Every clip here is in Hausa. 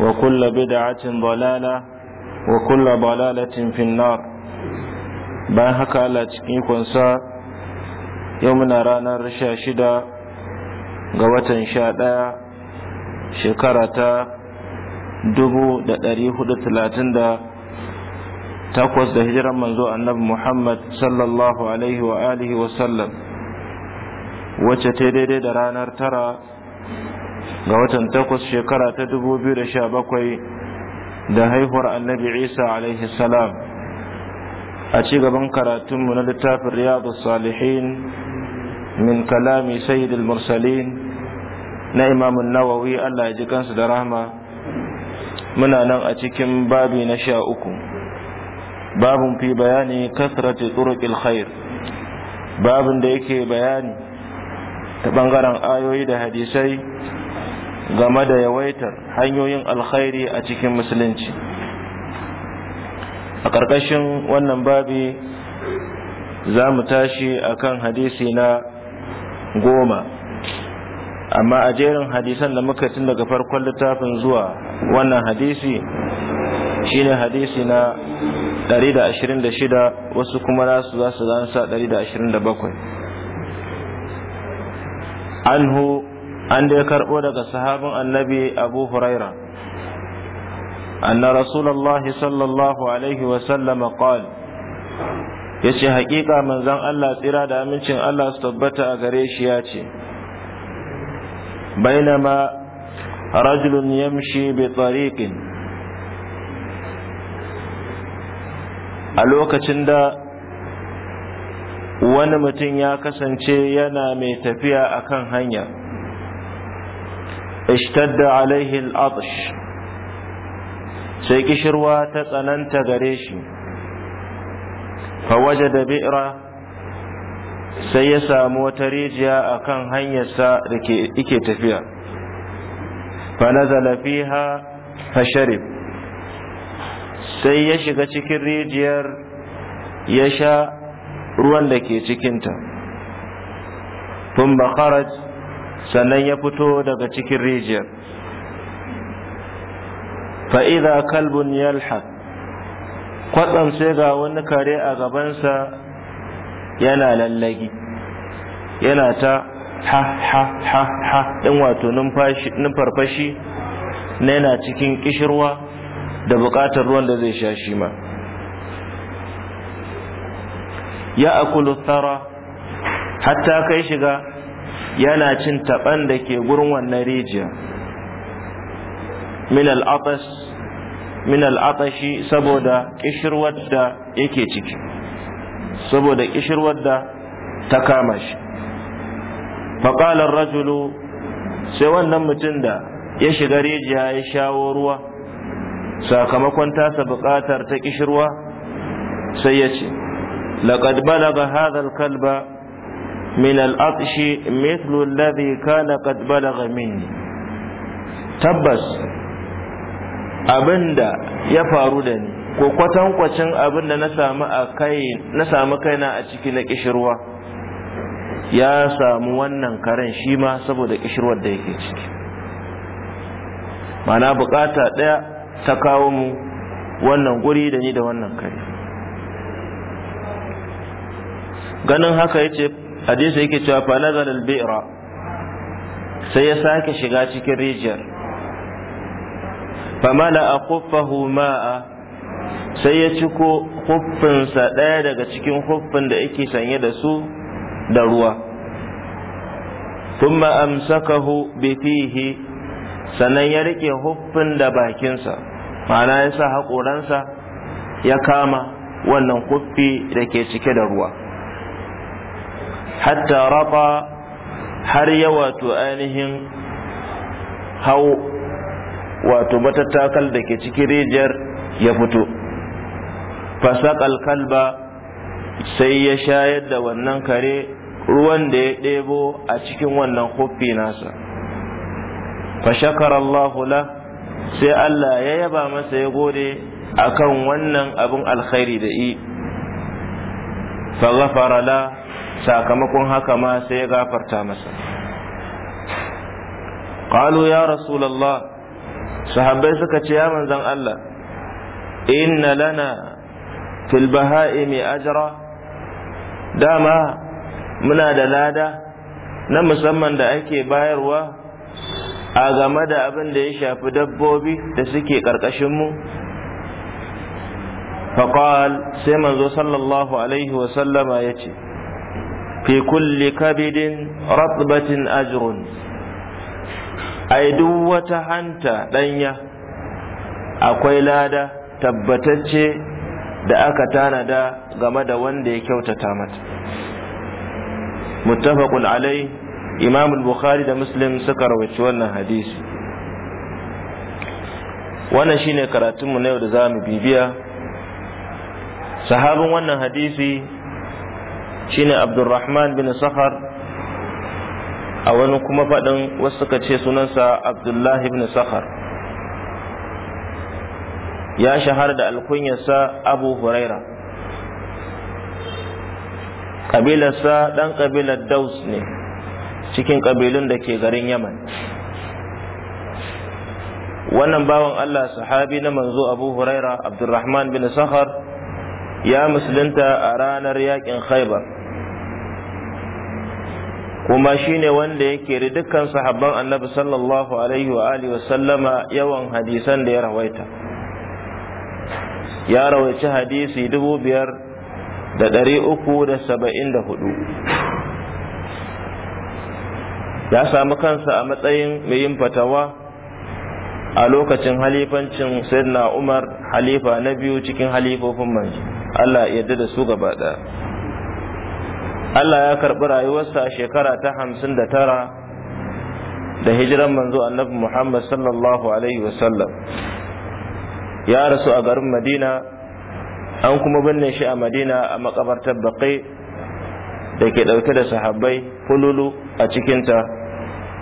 وكل بدعة ضلالة وكل ضلالة في النار bayan haka Allah cikin kunsa yau ranar sha shida ga watan sha ɗaya shekara ta dubu da ɗari hudu talatin da takwas da hijiran manzo annabi Muhammad sallallahu alaihi wa wacce ta daidai da ranar tara ga watan takwas shekara ta dubu biyu da sha bakwai da haihuwar annabi isa alaihi salam a ci gaban karatunmu na littafin riyadu salihin min kalami sayyidul mursalin na imamun nawawi allah ya ji kansu da rahma muna nan a cikin babi na sha uku babu fi bayani kasrati turuqil khair babun da yake bayani ta bangaren ayoyi da hadisai game da yawaitar hanyoyin alkhairi a cikin musulunci a ƙarƙashin wannan babi za mu tashi a kan hadisi na goma amma a jerin hadisan da muka tun daga farkon littafin zuwa wannan hadisi shine hadisi na 126 wasu kuma nasu za su zansa 127 anhu an da ya karɓo daga sahabin annabi abu huraira anna رسول sallallahu alaihi wa عليه وسلم yace haƙiƙa manzon Allah tsira da amincin Allah su tabbata a gare shi ya ce bainama rajulun yamshi bi tariqin a lokacin da wani mutum ya kasance yana mai tafiya akan hanya اشتد عليه العطش sai kishirwa ta tsananta gare shi fawaje da bi'ra sai ya samu wata rijiya a kan hanyarsa da ke tafiya fanazala fiha Sharif. sai ya shiga cikin rijiyar ya sha ruwan da ke cikinta tun ba sannan ya fito daga cikin rijiyar fa'iza kalbun yalha kwatsam sai ga wani kare a gabansa yana lallagi yana ta ha ha ha ha ɗin wato numfarfashi na yana cikin ƙishirwa da buƙatar ruwan da zai sha shi ma ya akulu tsara hatta kai shiga yana cin taban da ke gurin wannan rijiya min al'atas al'atashi saboda kishirwar da yake ciki saboda kishirwar da ta kama shi faƙalar rajulu sai wannan mutum da ya shiga rijiya ya shawo ruwa sakamakon tasa buƙatar ta kishirwa sai ya ce laƙadbala ga hadha kalba من الأطش مثل الذي كان قد بلغ مني تبس abinda ya faru da ni ko kwatankwacin abin na na samu kaina a ciki na kishirwa ya samu wannan karen shi ma saboda kishirwar da yake ciki mana bukata ɗaya ta kawo mu wannan guri da ni da wannan kare ganin haka yace hadisi yake cewa fa nazal al-bi'ra sai ya sake shiga cikin rijiyar fa mala aqfahu ma'a sai ya ciko huffinsa ɗaya daga cikin huffin da yake sanye da su da ruwa thumma amsakahu bi fihi sannan ya rike huffin da bakinsa ma'ana ya sa haƙoransa ya kama wannan kuffi da ke cike da ruwa hatta raba har ya wato ainihin hau wato matattakal da ke cikin rijiyar ya fito fasakal alkalba sai ya shayar da wannan kare ruwan da ya ɗebo a cikin wannan kofi nasa fashakar Allahu la sai Allah ya yaba masa ya gode a kan wannan abin alkhairi da fa faghafara la sakamakon haka ma sai ya gafarta masa qalu ya rasulullah sahabbai suka ce ya manzon Allah inna lana fil bahaimi ajra dama muna da lada na musamman da ake bayarwa a game da abin da ya shafi dabbobi da suke mu. faƙal sai manzo sallallahu alaihi wasallama ya ce fi kulli kabidin ratbatin ajrun ai duk wata hanta ɗanya akwai lada tabbatacce da aka tanada game da wanda ya kyautata mata muttafaqun alai imam bukhari da muslim suka rawaci wannan hadisi wannan shine karatunmu na yau da zamu bibiya sahabin wannan hadisi shine abdurrahman bin safar a wani kuma faɗin wasu suka ce sunansa abdullahi bin safar ya shahara da alkunyarsa abu huraira ƙabilarsa ɗan ƙabilar daus ne cikin ƙabilun da ke garin yaman wannan bawan allah sahabi na manzo abu huraira Abdulrahman bin safar ya musulunta a ranar yakin khaibar kuma shine wanda yake keri dukkan sahabban annabi sallallahu alaihi wa alihi sallama yawan hadisan da ya rawaita ya rawaici hadisi dubu biyar da ɗari uku da saba'in da hudu ya samu kansa a matsayin mai yin fatawa a lokacin halifancin sayyidina umar halifa na biyu cikin halifofin manzo Allah ya yarda da su gaba ɗaya Allah ya karɓi rayuwarsa a shekara ta hamsin da tara da hijiran manzo annabi Muhammad sallallahu alaihi wasallam ya rasu a garin Madina an kuma binne shi a Madina a makabartar baƙi da ke ɗauke da sahabbai fululu a cikinta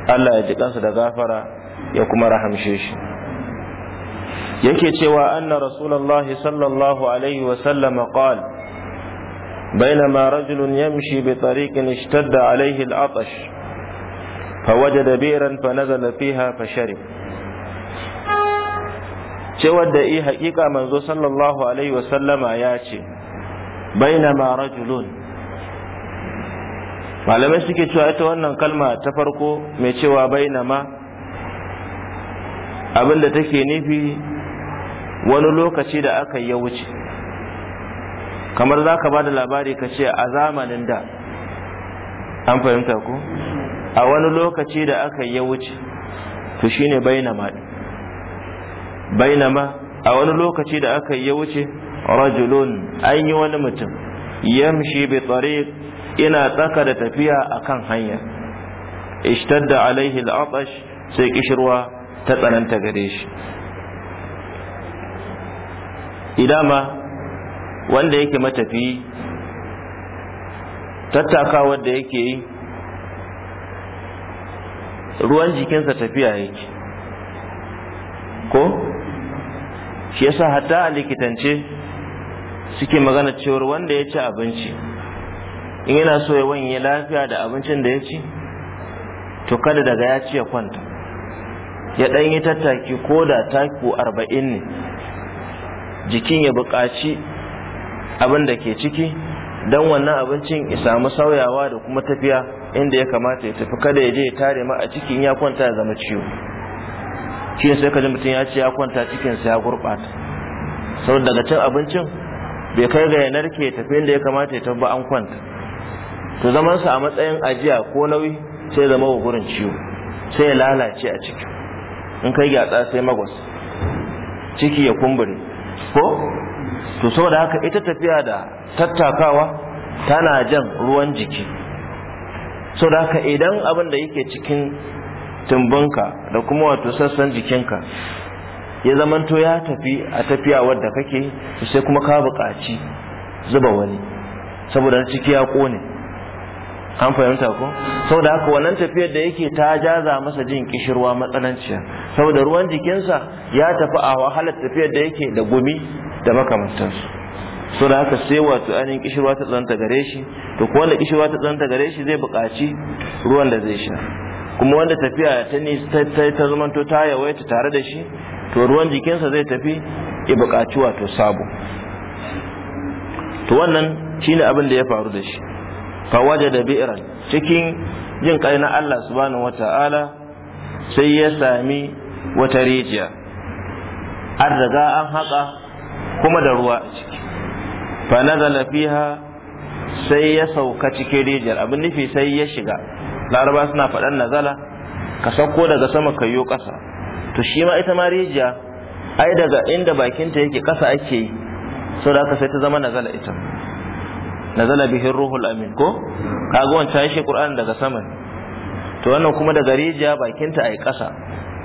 Allah ya ji kansa da gafara ya kuma rahamshe shi yake cewa anna rasulullahi sallallahu alaihi wa sallama بينما رجل يمشي بطريق اشتد عليه العطش فوجد بئرا فنزل فيها فشرب cewar da i haƙiƙa manzo sallallahu alaihi wasallama ya ce bainama rajulun malamai suke cewa ita wannan kalma ta farko mai cewa bainama abinda take nufi wani lokaci da aka yi ya wuce kamar za ka ba da labari ka ce a zamanin da an fahimta ku a wani lokaci da aka yi ya wuce to shine bainama bainama a wani lokaci da aka yi ya wuce rajulun an yi wani mutum yamshi bi tsare ina tsaka da tafiya akan hanya ishtadda alaihi al'atash sai kishirwa ta tsananta gare shi idama wanda yake matafi tattaka da yake yi ruwan jikinsa tafiya yake ko shi yasa hatta a likitance suke magana cewar wanda ya ci abinci in yana so ya wanye lafiya da abincin da ya ci to kada daga ya ci ya kwanta ya ɗan tattaki ko da taku arba'in ne jikin ya buƙaci abin da ke ciki don wannan abincin ya samu sauyawa da kuma tafiya inda ya kamata ya tafi kada ya je ya tare ma a cikin ya kwanta ya zama ciwo shi sai ka ji mutum ya ce ya kwanta cikinsa ya gurɓata sau daga cin abincin bai kai ga yanar ke tafi inda ya kamata ya tafi ba an kwanta to sa a matsayin ajiya ko nauyi sai zama wa gurin ciwo sai ya lalace a ciki in kai gyatsa sai magwas ciki ya kumbure ko to saboda haka ita tafiya da tattakawa tana jan ruwan jiki saboda haka idan abin da yake cikin tumbinka da kuma wato sassan jikinka ya zamanto ya tafi a tafiya wadda kake sai kuma ka buƙaci zuba wani saboda ciki ya ƙone an fahimta ko saboda haka wannan tafiyar da yake ta jaza masa jin kishirwa matsananciya saboda ruwan jikinsa ya tafi a wahalar tafiyar da yake da gumi da makamantansu sau da haka sai wato ainihin kishirwa ta tsananta gare shi to kuwa wanda kishirwa ta tsananta gare shi zai buƙaci ruwan da zai sha kuma wanda tafiya ta ni ta zamanto ta yawaita tare da shi to ruwan jikinsa zai tafi ya buƙaci wato sabo to wannan shine abin da ya faru da shi fawaje da bi'iran cikin jin kai na Allah subhanahu wata'ala sai ya sami wata rijiya an riga an haƙa kuma da ruwa a ciki fa nazala fiha sai ya sauka cikin rijiyar abin nufi sai ya shiga laraba suna faɗan nazala ka sauko daga sama ka yo ƙasa to shi ma ita ma rijiya ai daga inda bakinta yake ƙasa ake yi sau da haka sai ta zama nazala ita nazala bihin ruhul amin ko kaga wancan shi qur'an daga sama to wannan kuma daga rijiya bakinta ai ƙasa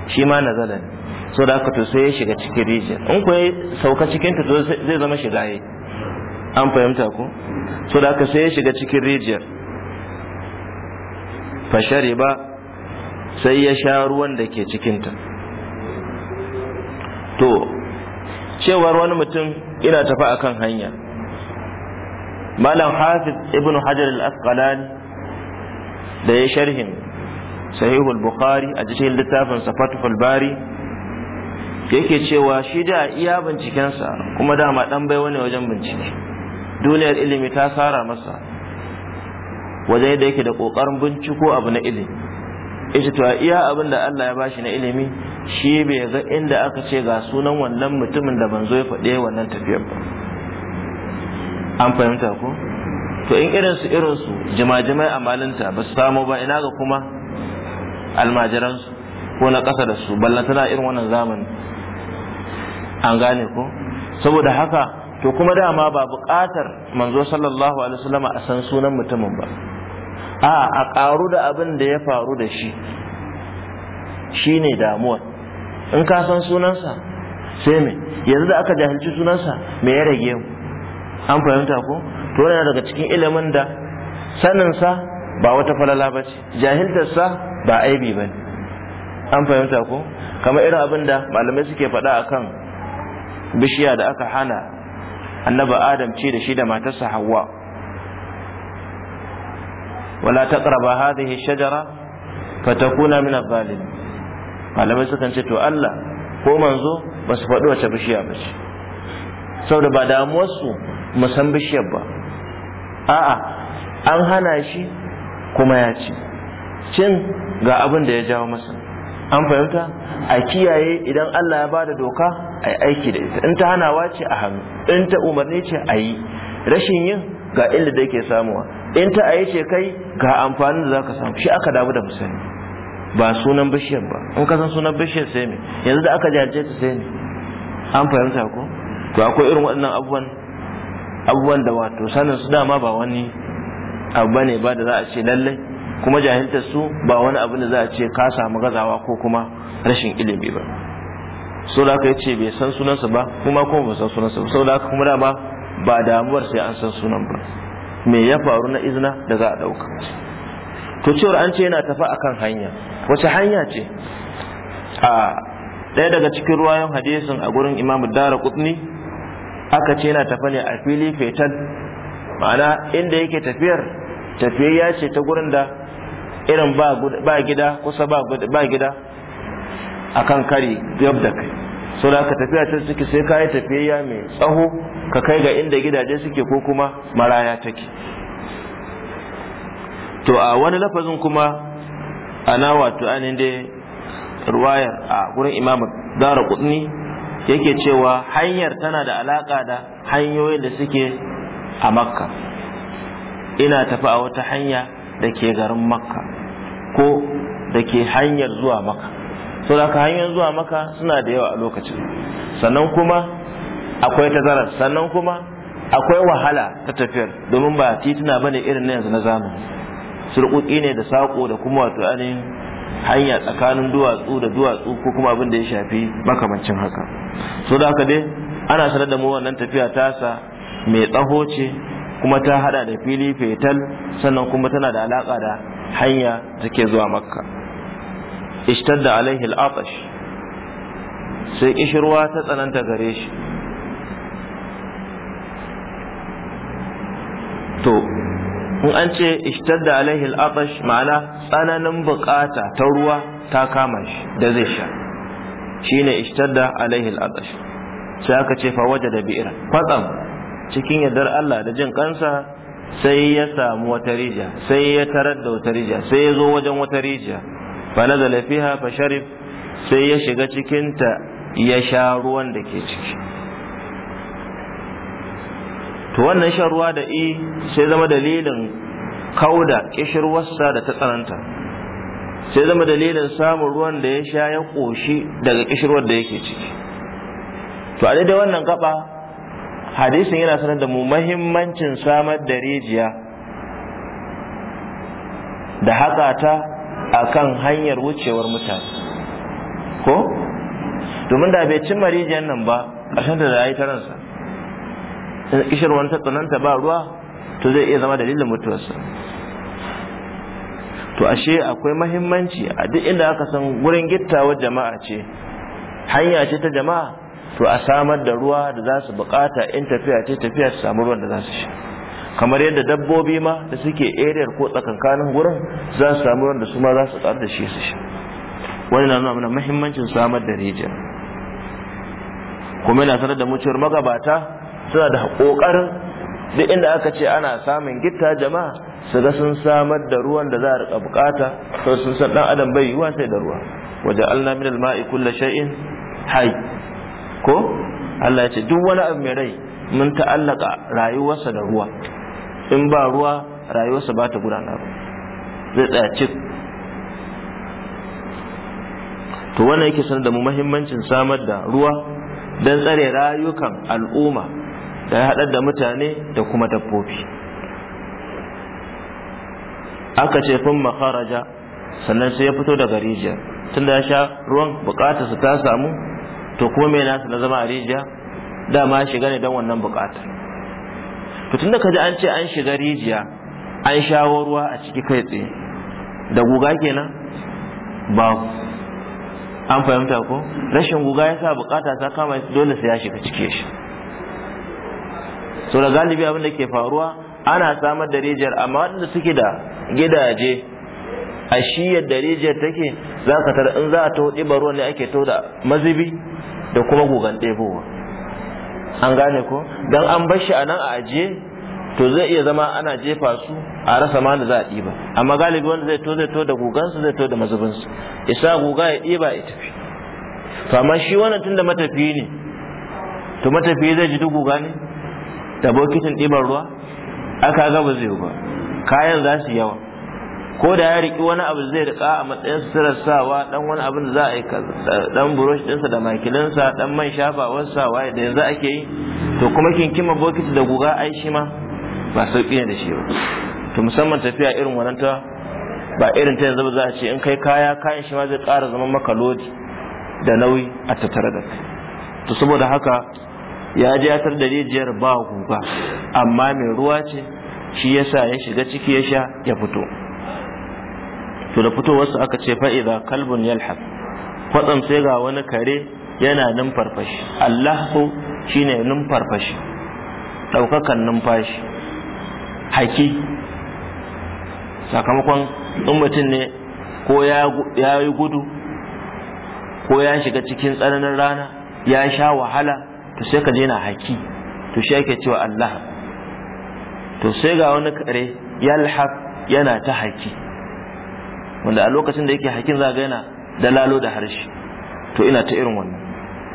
shi ma nazala ne so da aka to sai ya shiga cikin rijiya in ku ya sauka cikin ta zai zama shiga yi an fahimta ku so da aka sai ya shiga cikin rijiyar fashari ba sai ya sha ruwan da ke cikinta to cewar wani mutum ina tafi akan hanya malam hafiz Ibn hajar al-asqalani da ya sharhin al bukhari a cikin littafin safatul bari yake cewa shi da iya bincikensa kuma dama dan bai wani wajen bincike duniyar ilimi ta sara masa wajen da yake da kokarin binciko abu na ilimi ita to iya abin da Allah ya bashi na ilimi shi bai ga inda aka ce ga sunan wannan mutumin da banzo ya faɗe wannan tafiyar ba an fahimta ko to in irinsu irinsu jima-jimai a malinta ba su samu ba ina ga kuma almajiransu ko na ƙasa da su balla tana irin wannan zamani an gane ko saboda haka to kuma dama ba buƙatar manzo sallallahu alaihi wasallama a san sunan mutumin ba a a ƙaru da abin da ya faru da shi shine damuwa in ka san sunansa sai me yanzu da aka jahilci sunansa me ya rage mu an fahimta ko to yana daga cikin ilimin da saninsa ba wata falala ba ce jahiltarsa ba aibi ba ne an fahimta ko kamar irin abin da malamai suke faɗa akan bishiya da aka hana annaba adam ce da shi da matarsa hawa wala taqraba hadhihi shajara fatakuna min adh-dhalimin malamai sukan ce to Allah ko manzo ba su faɗi wace bishiya ba ce saboda ba damuwarsu musan bishiyar ba a'a an hana shi kuma ya ci cin ga abin da ya jawo masa an fahimta a kiyaye idan Allah ya bada doka a yi aiki da ita in ta hanawa ce a hannu in ta umarni ce a yi rashin yin ga inda da yake samuwa in ta yi ce kai ga amfanin da za ka samu shi aka damu da musani ba sunan bishiyar ba in ka san sunan bishiyar sai me yanzu da aka jarce ta sai me an fahimta ko to akwai irin waɗannan abubuwan abubuwan da wato sanin su dama ba wani abu ne ba da za a ce lallai kuma jahiltar su ba wani abu da za a ce ka samu gazawa ko kuma rashin ilimi ba so da aka yi ce bai san sunansa ba kuma kuma ba san sunansa ba sau da kuma dama ba damuwar sai an san sunan ba me ya faru na izina da za a dauka to cewar an ce yana tafa akan hanya wace hanya ce a ɗaya daga cikin ruwayan hadisin a gurin imamu dara kutni aka ce yana tafa ne a fili fetal ma'ana inda yake tafiyar tafiyayya ce ta gurin da irin ba gida kusa ba gida akan kari gab da kai so da ka tafiya ta ciki sai ka yi tafiyayya mai tsaho ka kai ga inda gidaje suke ko kuma maraya take to a wani lafazin kuma ana wato ainihin dai ruwayar a gurin imam dara kudni yake cewa hanyar tana da alaka da hanyoyin da suke a makka ina tafi a wata hanya da ke garin makka ko da ke hanyar zuwa maka so hanyar zuwa maka suna da yawa a lokacin sannan kuma akwai tazarar sannan kuma akwai wahala ta tafiyar domin ba tituna ne irin na yanzu na zamani surƙuƙi ne da saƙo da kuma wato ainihin hanya tsakanin duwatsu da duwatsu ko kuma abin da ya shafi makamancin haka so da haka dai ana sanar da mu wannan tafiya tasa mai tsaho ce kuma ta hada da fili fetal sannan kuma tana da alaka da hanya take zuwa makka ishtadda alaihi al-atash sai kishirwa ta tsananta gare shi to in an ce ishtadda alaihi al-atash ma'ana tsananin bukata ta ruwa ta kama shi da zai sha shine ishtadda alaihi al-atash sai aka ce fa wajada bi'ra kwatsam cikin yardar Allah da jin kansa sai ya samu wata rijiya sai ya tarar da wata rijiya sai ya zo wajen wata rijiya fa nazala fiha fa sharif sai ya shiga cikin ta ya sha ruwan da ke ciki to wannan shan ruwa da i sai zama dalilin kauda kishirwarsa da ta tsananta sai zama dalilin samun ruwan da ya sha ya ƙoshi daga kishirwar da yake ciki to a daidai wannan gaba hadisin yana sanar da mu mahimmancin samar da rijiya da haka ta a kan hanyar wucewar mutane ko domin da bai cimma rijiyar nan ba ƙasar da ya yi ta ransa wani tatsananta ba ruwa to zai iya zama dalilin mutuwarsa to ashe akwai mahimmanci a duk inda aka san wurin gittawar jama'a ce hanya ce ta jama'a to a samar da ruwa da za su bukata in tafiya ce tafiya su samu ruwan da za su sha kamar yadda dabbobi ma da suke eriyar ko tsakankanin gurin za su samu ruwan da su ma za su tsar da shi su sha wani na nuna mana muhimmancin samar da rijiyar. kuma yana sanar da mutuwar magabata suna da kokarin duk inda aka ce ana samun gita jama'a su ga sun samar da ruwan da za a rika bukata to sun san dan adam bai yiwa sai da ruwa wajen alna minal mai kulla shay'in hayy ko Allah ya ce duk wani abu mai rai mun ta'allaka rayuwarsa da ruwa in ba ruwa rayuwarsa ba ta gudana zai tsaya cik to wannan yake sanar da mu mahimmancin samar da ruwa don tsare rayukan al'umma da ya haɗar da mutane da kuma dabbobi aka ce fin makaraja sannan sai ya fito daga rijiyar tunda ya sha ruwan bukatarsa ta samu to kuma me nasu na zama a rijiya dama shiga ne don wannan bukatar to tunda kaji an ce an shiga rijiya an shawo ruwa a ciki kai tsaye da guga kenan ba an fahimta ko rashin guga ya sa bukata ta kama dole sai ya shiga cike shi so da galibi abin da ke faruwa ana samar da rijiyar amma waɗanda suke da gidaje a shiyar da rijiyar take za ka tara in za a taho ɗiba ruwan ne ake taho da mazubi da kuma gugan ɗebowa an gane ko don an bar shi a nan a ajiye to zai iya zama ana jefa su a rasa ma da za a ɗiba amma galibi wanda zai to zai to da gugansu zai to da mazubinsu isa guga ya ɗiba ya tafi to amma shi wannan tun da matafiyi ne to matafiyi zai ji duk guga ne da bokitin ɗiban ruwa aka ga ba zai ba kayan za su yawa ko da ya riki wani abu zai rika a matsayin suturar sawa dan wani abin da za a yi dan burush dinsa da makilinsa dan man shafawarsa sawa da yanzu ake yi to kuma kinkima bokiti da guga ai shi ma ba sauƙi ne da shi ba to musamman tafiya irin wannan ta ba irin ta yanzu ba za a ce in kai kaya kayan shi ma zai ƙara zama maka lodi da nauyi a tattare da kai to saboda haka ya ji ya tar da rijiyar ba guga amma mai ruwa ce shi yasa ya shiga ciki ya sha ya fito to da fitowarsu aka ce fa'iza kalbun yalhaf kwatsam sai ga wani kare yana numfarfashi allahu shine numfarfashi ɗaukakan numfashi haki sakamakon in mutum ne ko ya yi gudu ko ya shiga cikin tsananin rana ya sha wahala to sai ka jina haki to shi ake cewa allah to sai ga wani kare yalhaf yana ta haki wanda a lokacin da yake hakin za ga yana dalalo da harshe to ina ta irin wannan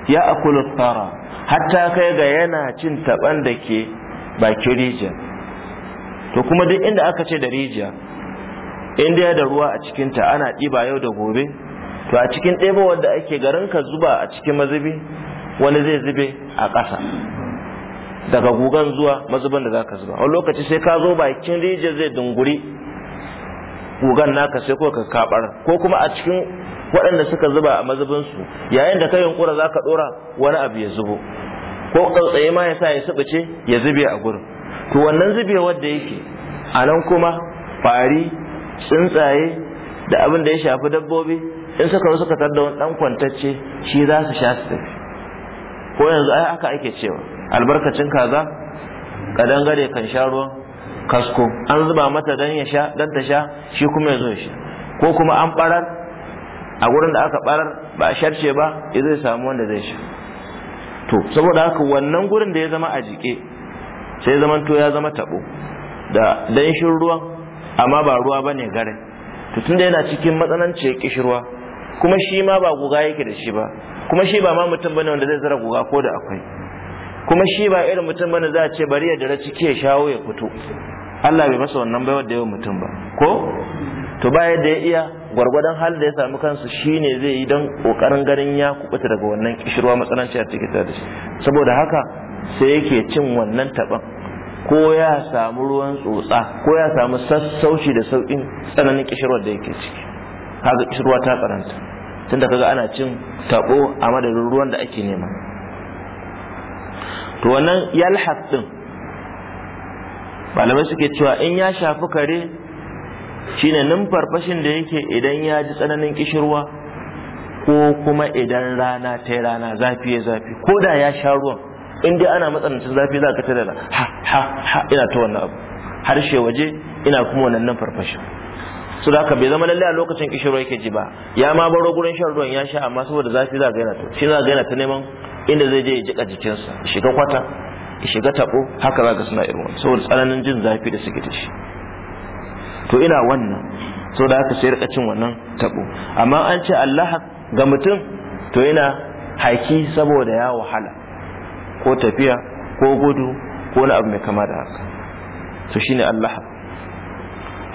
ya akulu tsara hatta kai ga yana cin taban da ke bakin rijiya to kuma duk inda aka ce da rijiya inda da ruwa a cikinta ana ɗiba yau da gobe to a cikin ɗeba wanda ake garin ka zuba a cikin mazubi wani zai zube a ƙasa daga gugan zuwa mazubin da zaka zuba wani lokaci sai ka zo bakin rijiya zai dunguri gugan naka sai ko ka kabar ko kuma a cikin waɗanda suka zuba a mazubinsu, yayin da ka za ka ɗora wani abu ya zubo ko tsautsaye ma ya sa ya ce ya zube a gurin to wannan zubewar da yake a nan kuma fari tsuntsaye da abin da ya shafi dabbobi in suka zo suka tarda wani dan kwantacce shi za su sha su tafi ko yanzu ai aka ake cewa albarkacin kaza ƙadangare kan sha ruwan kasko an zuba mata dan ya sha dan ta sha shi kuma ya zo ya ko kuma an barar a gurin da aka barar ba a sharce ba ya zai samu wanda zai sha to saboda haka wannan gurin da ya zama a jike sai zaman to ya zama tabo da danshin ruwa amma ba ruwa bane gare to tunda yana cikin matsananci kishirwa kuma shi ma ba guga yake da shi ba kuma shi ba ma mutum bane wanda zai zara guga ko da akwai kuma shi ba irin mutum bane za a ce bari ya dare ciki ya shawo ya fito Allah bai masa wannan baiwar da yawan mutum ba ko to ba yadda ya iya gwargwadon hal da ya sami kansu shine zai yi don kokarin garin ya kubuta daga wannan kishirwa matsananci a cikin da shi saboda haka sai yake cin wannan taban ko ya samu ruwan tsotsa ko ya samu sassauci da sauƙin tsananin kishirwar da yake ciki haka kishirwa ta tun tunda kaga ana cin taɓo a madadin ruwan da ake nema to wannan yalhaq din malamai suke cewa in ya shafi kare shine farfashin da yake idan ya ji tsananin kishirwa ko kuma idan rana ta rana zafi ya zafi ko da ya sha ruwan in dai ana matsanancin zafi za ka tada da ha ha ha ina ta wannan abu harshe waje ina kuma wannan nan farfashin su da bai zama lallai a lokacin kishirwa yake ji ba ya ma baro gurin shan ruwan ya sha amma saboda zafi za ga yana to shi za ga yana ta neman inda zai je ya jika jikinsa ya shiga kwata ya shiga tabo haka za ka suna irin wani saboda tsananin jin zafi da suke da shi to ina wannan saboda haka sai rika cin wannan tabo amma an ce Allah ga mutum to yana haiki saboda ya wahala ko tafiya ko gudu ko wani abu mai kama da haka to shine Allah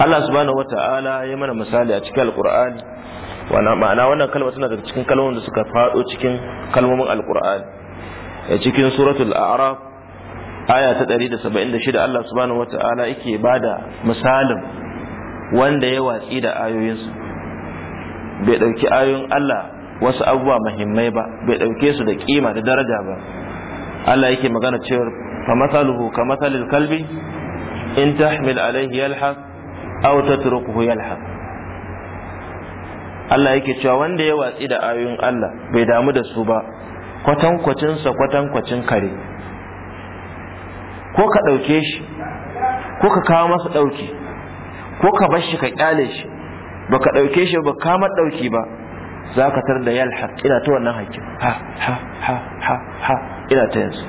Allah subhanahu wata'ala ya mana misali a cikin alqur'ani wannan ma'ana wannan kalma tana daga cikin kalmomin da suka fado cikin kalmomin alqur'ani a cikin suratul a'raf aya ta 176 Allah subhanahu wata'ala yake bada misalin wanda ya watsi da ayoyinsu bai dauki ayoyin Allah wasu abubuwa muhimmai ba bai dauke su da kima da daraja ba Allah yake magana cewa fa masaluhu ka masalil kalbi in tahmil alaihi yalhaq aw tatrukuhu yalhaq Allah yake cewa wanda ya watsi da ayoyin Allah bai damu da su ba kwatan kwatankwacin kare ko ka ɗauke shi ko ka kawo masa ɗauki ko ka bar shi ka kyale shi ba ka ɗauke shi ba kama ɗauki ba za ka tar da yalhaq ina ta wannan haƙƙin ha ha ha ha ha ina ta yanzu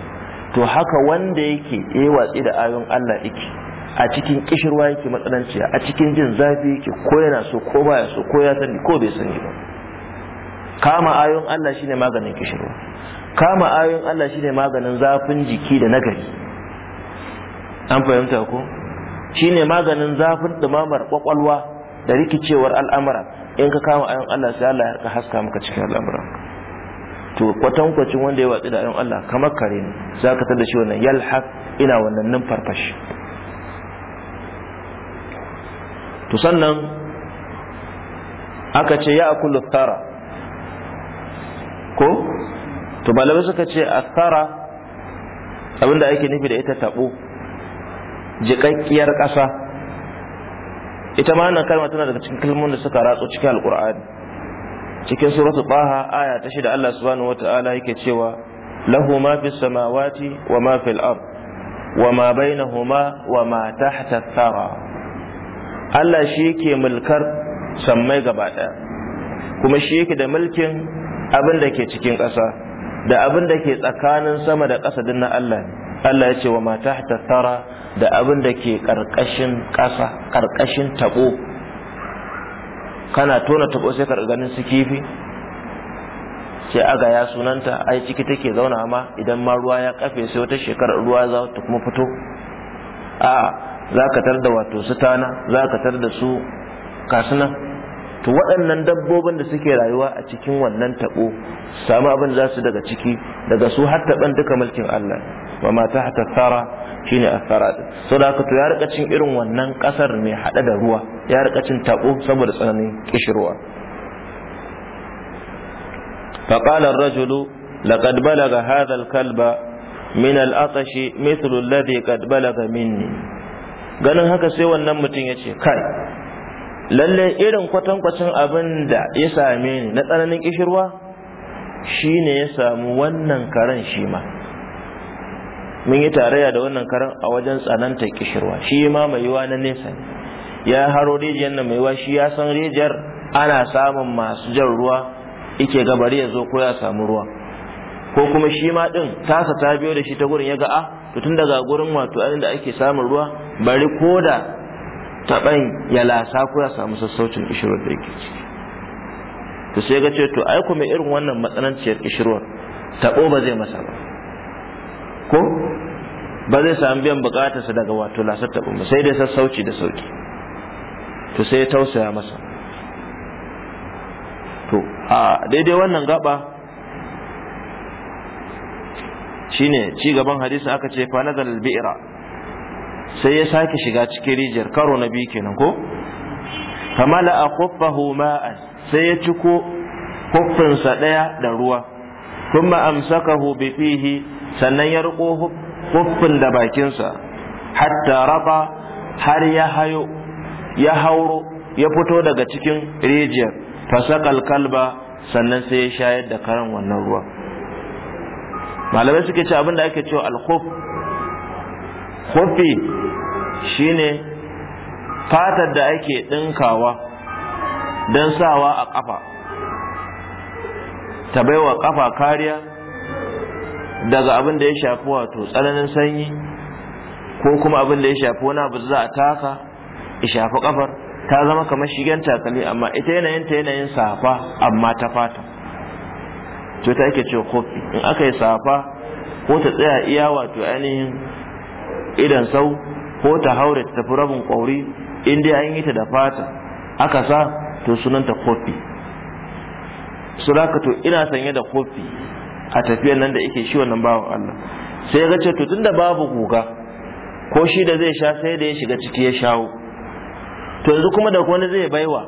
to haka wanda yake yi watsi da ayoyin Allah yake a cikin kishirwa yake matsananciya a cikin jin zafi yake ko yana so ko baya so ko ya sani ko bai sani ba kama ayoyin Allah shine maganin kishirwa kama ayoyin Allah shine maganin zafin jiki da nagari an fahimta ko shine maganin zafin dumamar kwakwalwa da rikicewar al'amura in ka kama ayon Allah sai Allah ya haska maka cikin al'amura to kwatan kwacin wanda ya watsi da ayon Allah kamar kare ne za ka tada shi wannan yalhaq ina wannan farfashi to sannan aka ce ya akulu thara ko to malamai suka ce a thara abinda ake nufi da ita tabo jiƙaƙƙiyar ƙasa ita ma wannan kalma tana daga cikin kalmomin da suka ratso cikin alƙur'ani cikin suratul baha aya ta shida Allah subhanahu wata'ala yake cewa lahu ma fis samawati wa ma fil ard wa ma bainahuma wa ma tahta thara Allah shi yake mulkar sammai gaba ɗaya kuma shi yake da mulkin abin da ke cikin ƙasa da abin da ke tsakanin sama da ƙasa din na Allah Allah ya ce wa ma tahta tara da abin da ke ƙarƙashin ƙasa ƙarƙashin tabo kana tona tabo sai ka ganin su kifi ce aga ya sunanta ai ciki take zauna ma idan ma ruwa ya kafe sai wata shekarar ruwa za ta kuma fito a za ka tar da wato su tana za ka tar da su kasuna to waɗannan dabbobin da suke rayuwa a cikin wannan taɓo samu abin za su daga ciki daga su har taɓan duka mulkin Allah ma ta hata tsara shine asara din so da to ya rika cin irin wannan ƙasar mai haɗa da ruwa ya rika cin taɓo saboda tsananin kishirwa فقال الرجل لقد بلغ هذا الكلب من الأطش مثل الذي قد بلغ مني ganin haka sai wannan mutum ya ce kai lalle irin kwatankwacin abin da ya same ni na tsananin kishirwa shine ya samu wannan karen shi ma mun yi tarayya da wannan karen a wajen tsananta kishirwa shi ma mai yiwa na nesa ya haro rijiyar nan mai yiwa shi ya san rijiyar ana samun masu jan ruwa ike gabari ya zo ko ya samu ruwa ko kuma shi ma din tasa ta biyo da shi ta gurin ya ga a ah, to tun daga gurin wato ainihin da ake samun ruwa bari ko da taɓan ya lasa ko ya samu sassaucin kishirwar da yake ciki to sai ga ce to ai kuma irin wannan matsananciyar kishirwar taɓo ba zai masa ba ko ba zai samu biyan sa daga wato lasar taɓin ba sai dai sassauci da sauki to sai ya tausaya masa to a daidai wannan gaba shine ci gaban hadisi aka ce fa nazal al-bi'ra sai ya sake shiga cikin rijiyar karo na biyu kenan ko kamala aqfahu ma'an sai ya ciko kuffinsa daya da ruwa kuma amsakahu bi fihi sannan ya riko kuffin da bakinsa hatta raba har ya hayo ya hauro ya fito daga cikin rijiyar fasakal kalba sannan sai ya shayar da karan wannan ruwa malamai suke ce da ake cewa alkhuf khufi shine fatar da ake dinkawa don sawa a kafa ta baiwa kafa kariya daga abin da ya shafi wato tsananin sanyi ko kuma abin da ya shafi wani abu za a taka ya shafi kafar ta zama kamar shigen takalmi, amma ita yanayin ta yanayin safa amma ta fata To ta yake ce kofi in aka yi safa ko ta tsaya iya wato ainihin idan sau ko ta haure ta tafi rabin kwauri in dai an yi ta da fata aka sa to sunanta kofi su to ina sanye da kofi a tafiyar nan da yake shi wannan bawan Allah sai ga ce to tunda babu guga ko shi da zai sha sai da ya shiga ciki ya shawo to yanzu kuma da wani zai baiwa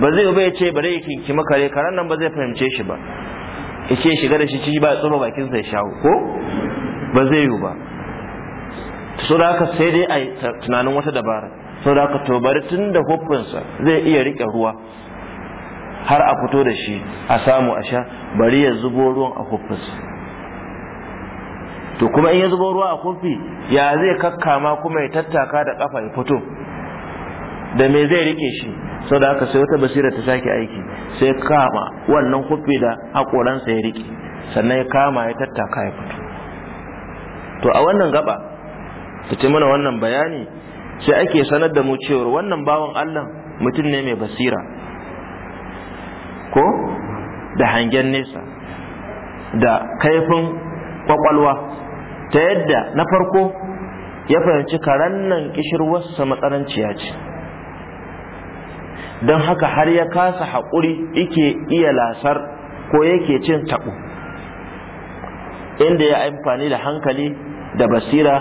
ba zai ba ya ce bare ya kinki makare karan nan ba zai fahimce shi ba yake shiga da shi ciki ba tsoma bakin sai shawo ko ba zai yiwu ba to da haka sai dai a tunanin wata dabara so da haka to bari tun da hukunsa zai iya rike ruwa har a fito da shi a samu a sha bari ya zubo ruwan a hukunsa to kuma in ya zubo ruwa a kofi ya zai kakkama kuma ya tattaka da kafa ya fito da me zai rike shi sau da haka sai wata basira ta sake aiki sai kama wannan kufi da haƙoransa ya rike sannan ya kama ya tattaka ya fito to a wannan gaba ta ce mana wannan bayani sai ake sanar da mu cewar wannan bawan Allah mutum ne mai basira ko da hangen nesa da kaifin kwakwalwa ta yadda na farko ya fahimci karannan nan kishirwarsa matsananciya ce don haka har ya kasa haƙuri yake iya lasar ko yake cin taɓo inda ya amfani da hankali da basira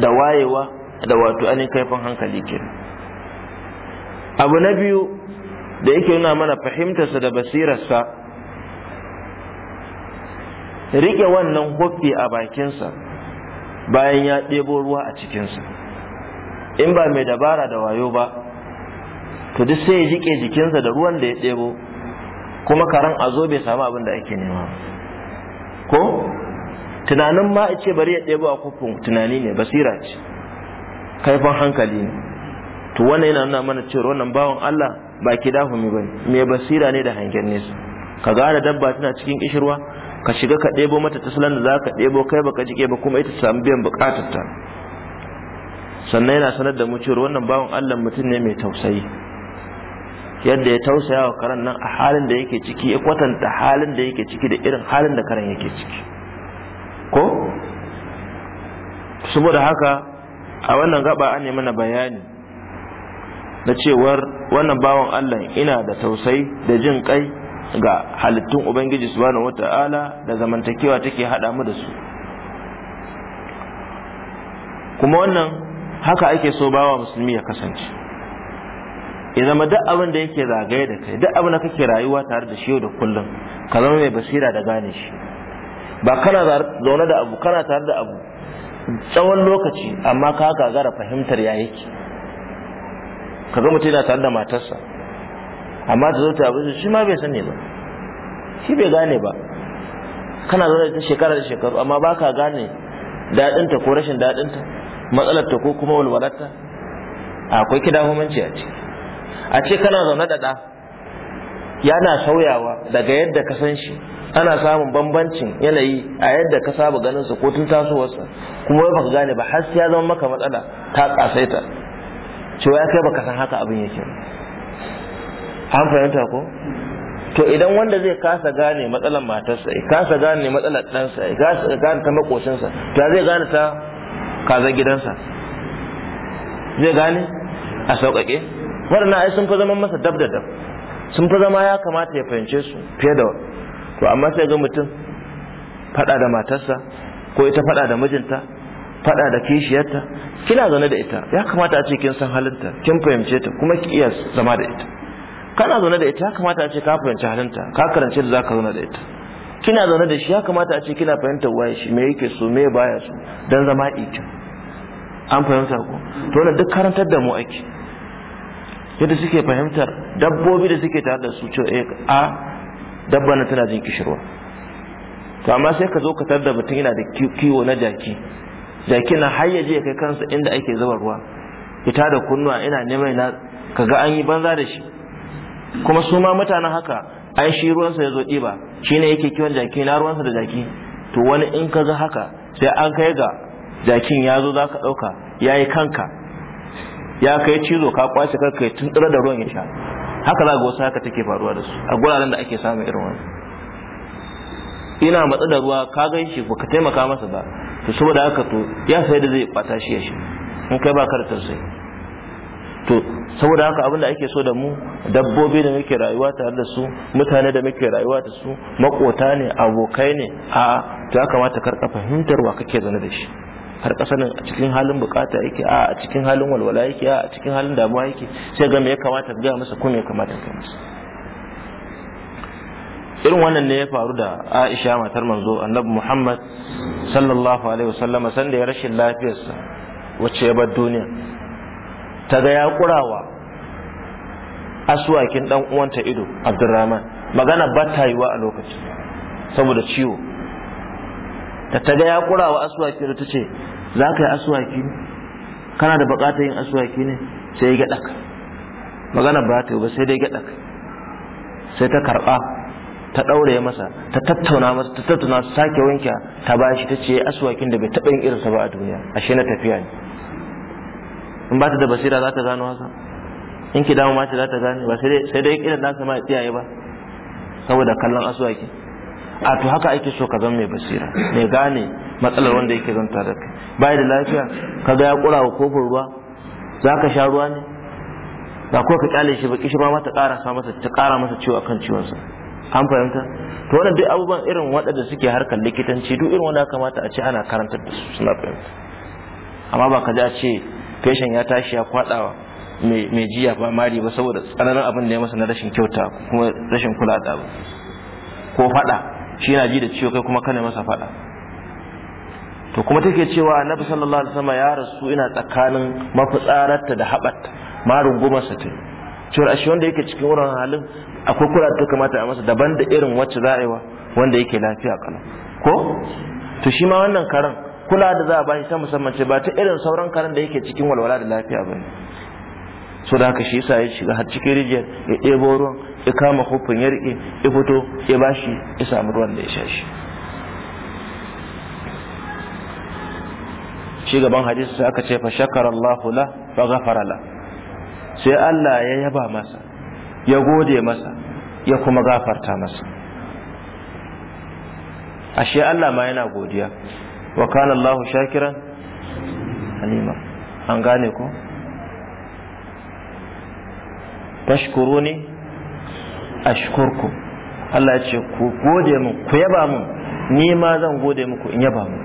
da wayewa da wato anin kaifin hankali ke abu na biyu da yake nuna mana fahimtarsa da basirarsa riƙe wannan hoffi a bakinsa bayan ya ɗebo ruwa a cikinsa in ba mai dabara da wayo ba to duk sai ya jike jikinsa da ruwan da ya ɗebo kuma karan a zo bai samu abin da ake nema ko tunanin ma ce bari ya ɗebo a kofin tunani ne basira ce kaifin hankali ne to wannan yana nuna mana cewa wannan bawan Allah ba kidahu ne bane me basira ne da hangen nesa ka gane dabba tana cikin kishirwa ka shiga ka ɗebo mata tasalan da za ka ɗebo kai baka jike ba kuma ita samu biyan bukatar sannan yana sanar da mu cewa wannan bawan Allah mutum ne mai tausayi yadda ya tausaya wa karen nan a halin da yake ciki ya kwatanta halin da yake ciki da irin halin da karen yake ciki ko saboda haka a wannan gaba an nemi na bayani na cewar wannan bawan Allah ina da tausayi da jin kai ga halittun Ubangiji subhanahu wata'ala da zamantakewa take haɗa mu da su kuma wannan haka ake so bawa musulmi ya kasance ya zama duk abin da yake zagaye da kai duk abin da kake rayuwa tare da shi yau da kullum ka zama mai basira da gane shi ba kana zaune da abu kana tare da abu tsawon lokaci amma ka gagara fahimtar ya yake ka zama tana tare da matarsa amma ta zauta ta abu shi ma bai sani ba shi bai gane ba kana zaune da shekara da shekaru amma ba ka gane daɗinta ko rashin daɗinta matsalarta ko kuma walwalarta akwai kidahumanci a ciki a ce kana zaune da ɗa yana sauyawa daga yadda ka san shi ana samun bambancin yanayi a yadda ka saba ganin su ko tun tasowarsa kuma ka gane ba har ya zama maka matsala ta kasaita cewa ya kai baka san haka abin yake an fahimta ko to idan wanda zai kasa gane matsalar matarsa ya kasa gane matsalar ɗansa ya kasa gane ta to ya zai gane ta kaza gidansa zai gane a sauƙaƙe waɗannan ai sun fi zama masa dab da dab sun fi zama ya kamata ya fahimce su fiye da to amma sai ga mutum faɗa da matarsa ko ita faɗa da mijinta faɗa da kishiyarta kina zaune da ita ya kamata a ce kin san halinta kin fahimce ta kuma ki iya zama da ita kana zaune da ita ya kamata a ce ka fahimci halinta ka karance da zaka zauna da ita kina zaune da shi ya kamata a ce kina fahimtar waye shi me yake so me baya so dan zama ikin an fahimta ko to duk karantar da mu ake yadda suke fahimtar dabbobi da suke tare da su cewa eh, a dabba na tana jin kishirwa to amma sai ka zo ka tar da mutum yana da kiwo na jaki jaki na har ya je kai kansa inda ake zuba ruwa fita da kunnuwa ina neman na kaga an yi banza da shi kuma su ma mutanen haka ai shi ruwansa ya zo ɗiba shi ne yake kiwon jaki na ruwansa da jaki to wani in ka ga haka sai an kai ga jakin ya zo za ka ɗauka ya yi kanka ya kai cizo ka kwace kar kai tun da ruwan ya sha haka za ga wasu haka take faruwa da su a guraren da ake samun irin wani ina matsa da ruwa ka gan shi ba ka taimaka masa ba to saboda haka to ya sai da zai bata shi ya shi in kai ba karatar sai to saboda haka abin da ake so da mu dabbobi da muke rayuwa tare da su mutane da muke rayuwa da su makota ne abokai ne a to ya kamata karka fahimtar wa kake zane da shi har ƙasa nan a cikin halin bukata yake a cikin halin walwala yake a cikin halin damuwa yake sai ga me ya kamata ga masa ko me ya kamata ka masa irin wannan ne ya faru da Aisha matar manzo Annabi Muhammad sallallahu alaihi san sanda ya rashin lafiyarsa wacce ya bar duniya ta ga ya kurawa asuwakin dan uwanta ido Abdurrahman magana ba ta yiwa a lokacin saboda ciwo ta taga ya kura wa aswaki da ta ce za ka yi aswaki kana da bukatar yin aswaki ne sai ya gaɗa magana ba ta yi ba sai dai gaɗa sai ta karɓa ta ɗaure masa ta tattauna masa ta tattauna su sake wanka ta ba shi ta ce aswakin da bai taɓa yin irinsa ba a duniya ashe na tafiya ne in ba ta da basira za ta gano haka in ki damu ma ta za ta gane ba sai dai irin nasa ma ya tsiyaye ba saboda kallon aswaki a to haka ake so ka zama mai basira mai gane matsalar wanda yake zanta da kai bai da lafiya kaga ya kura wa kofin ruwa za ka sha ruwa ne ba ko ka kyale shi baki shi ba mata sa masa ta kara masa ciwo akan sa an fahimta to wannan duk abubuwan irin waɗanda suke harkar likitanci duk irin wanda kamata a ce ana karantar da su suna fahimta amma ba ka ji a ce feshin ya tashi ya kwaɗawa mai jiya ba mari ba saboda tsananin abin da ya masa na rashin kyauta kuma rashin kula da abu ko faɗa shi yana ji da ciwo kai kuma kana masa faɗa to kuma take cewa annabi sallallahu alaihi wasallam ya rasu ina tsakanin mafitsararta da habatta ma sa ta cewa ashe wanda yake cikin wurin halin akwai kula da kamata a masa daban da irin wacce za a yi wa wanda yake lafiya kana ko to shi ma wannan karan kula da za a bashi ta musamman ce ba ta irin sauran karan da yake cikin walwala da lafiya ba so da haka shi yasa ya shiga har cikin rijiyar ya ɗebo ruwan ya kama kofin ya rike ya fito ya bashi ya samu ruwan da ya sha shi shi gaban hadisi sai aka ce fa shakara Allahu la fa ghafara la sai Allah ya yaba masa ya gode masa ya kuma gafarta masa ashe Allah ma yana godiya wa kana Allahu shakiran halima an gane ko tashkuruni ashkurku Allah ya ce ku gode mu ku yaba mu ni ma zan gode muku in yaba mu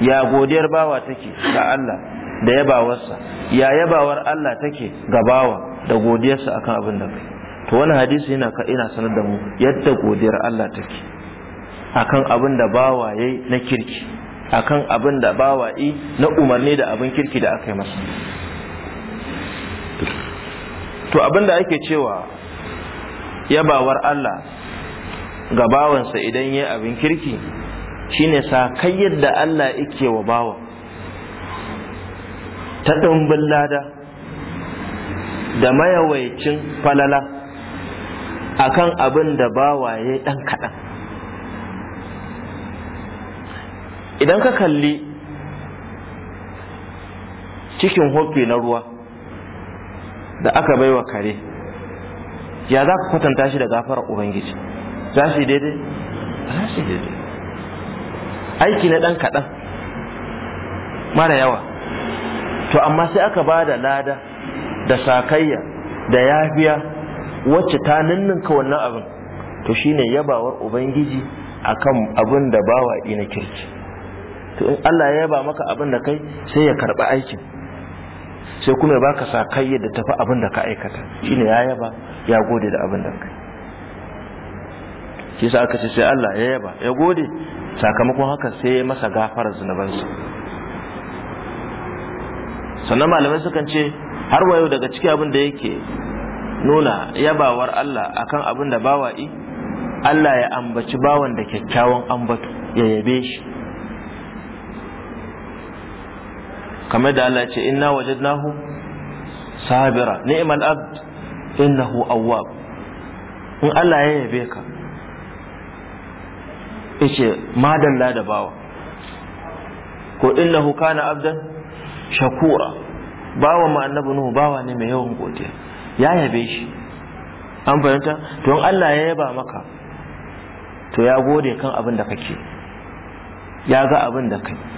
ya godiyar bawa take ga Allah da yabawarsa ya yabawar Allah take ga bawa da godiyarsa akan abin da kai to wani hadisi yana ka ina sanar da mu yadda godiyar Allah take akan abin da bawa yayi na kirki akan abin da bawa yi na umarni da abin kirki da aka yi masa to abinda ake cewa yabawar Allah ga bawansa idan ya abin kirki shine sa kai yadda Allah yake wa bawa ta ɗumbin lada da mayawaicin falala akan abin da yi ɗan kaɗan idan ka kalli cikin hofi na ruwa da aka baiwa kare ya za ka kwatanta shi da gafarar ubangiji za shi daidai za shi daidai aiki na ɗan kaɗan mara yawa to amma sai aka ba da lada da sakayya da yafiya wacce ta ninninka wannan abin to shine yabawar ubangiji akan abin da bawa ina kirki to in Allah ya yaba maka abin da kai sai ya karɓi aikin sai kuma ya baka kai da tafi abin da ka aikata shine ya yaba ya gode da abin da kai shi sa aka ce sai Allah ya yaba ya gode sakamakon haka sai ya masa gafarar sa. sannan malamai sukan ce har wa yau daga ciki abin da yake nuna yabawar Allah akan abin da bawa'i Allah ya ambaci bawan da kyakkyawan ambato ya yabe shi kamar da Allah ce inna wajadnahu sabira ni'mal abd innahu awwab in Allah ya yabe ka yace madalla da bawa ko innahu kana abdan shakura bawa ma annabi nuhu bawa ne mai yawan godiya ya yabe shi an fahimta to in Allah ya yaba maka to ya gode kan abin da kake ya ga abin da kai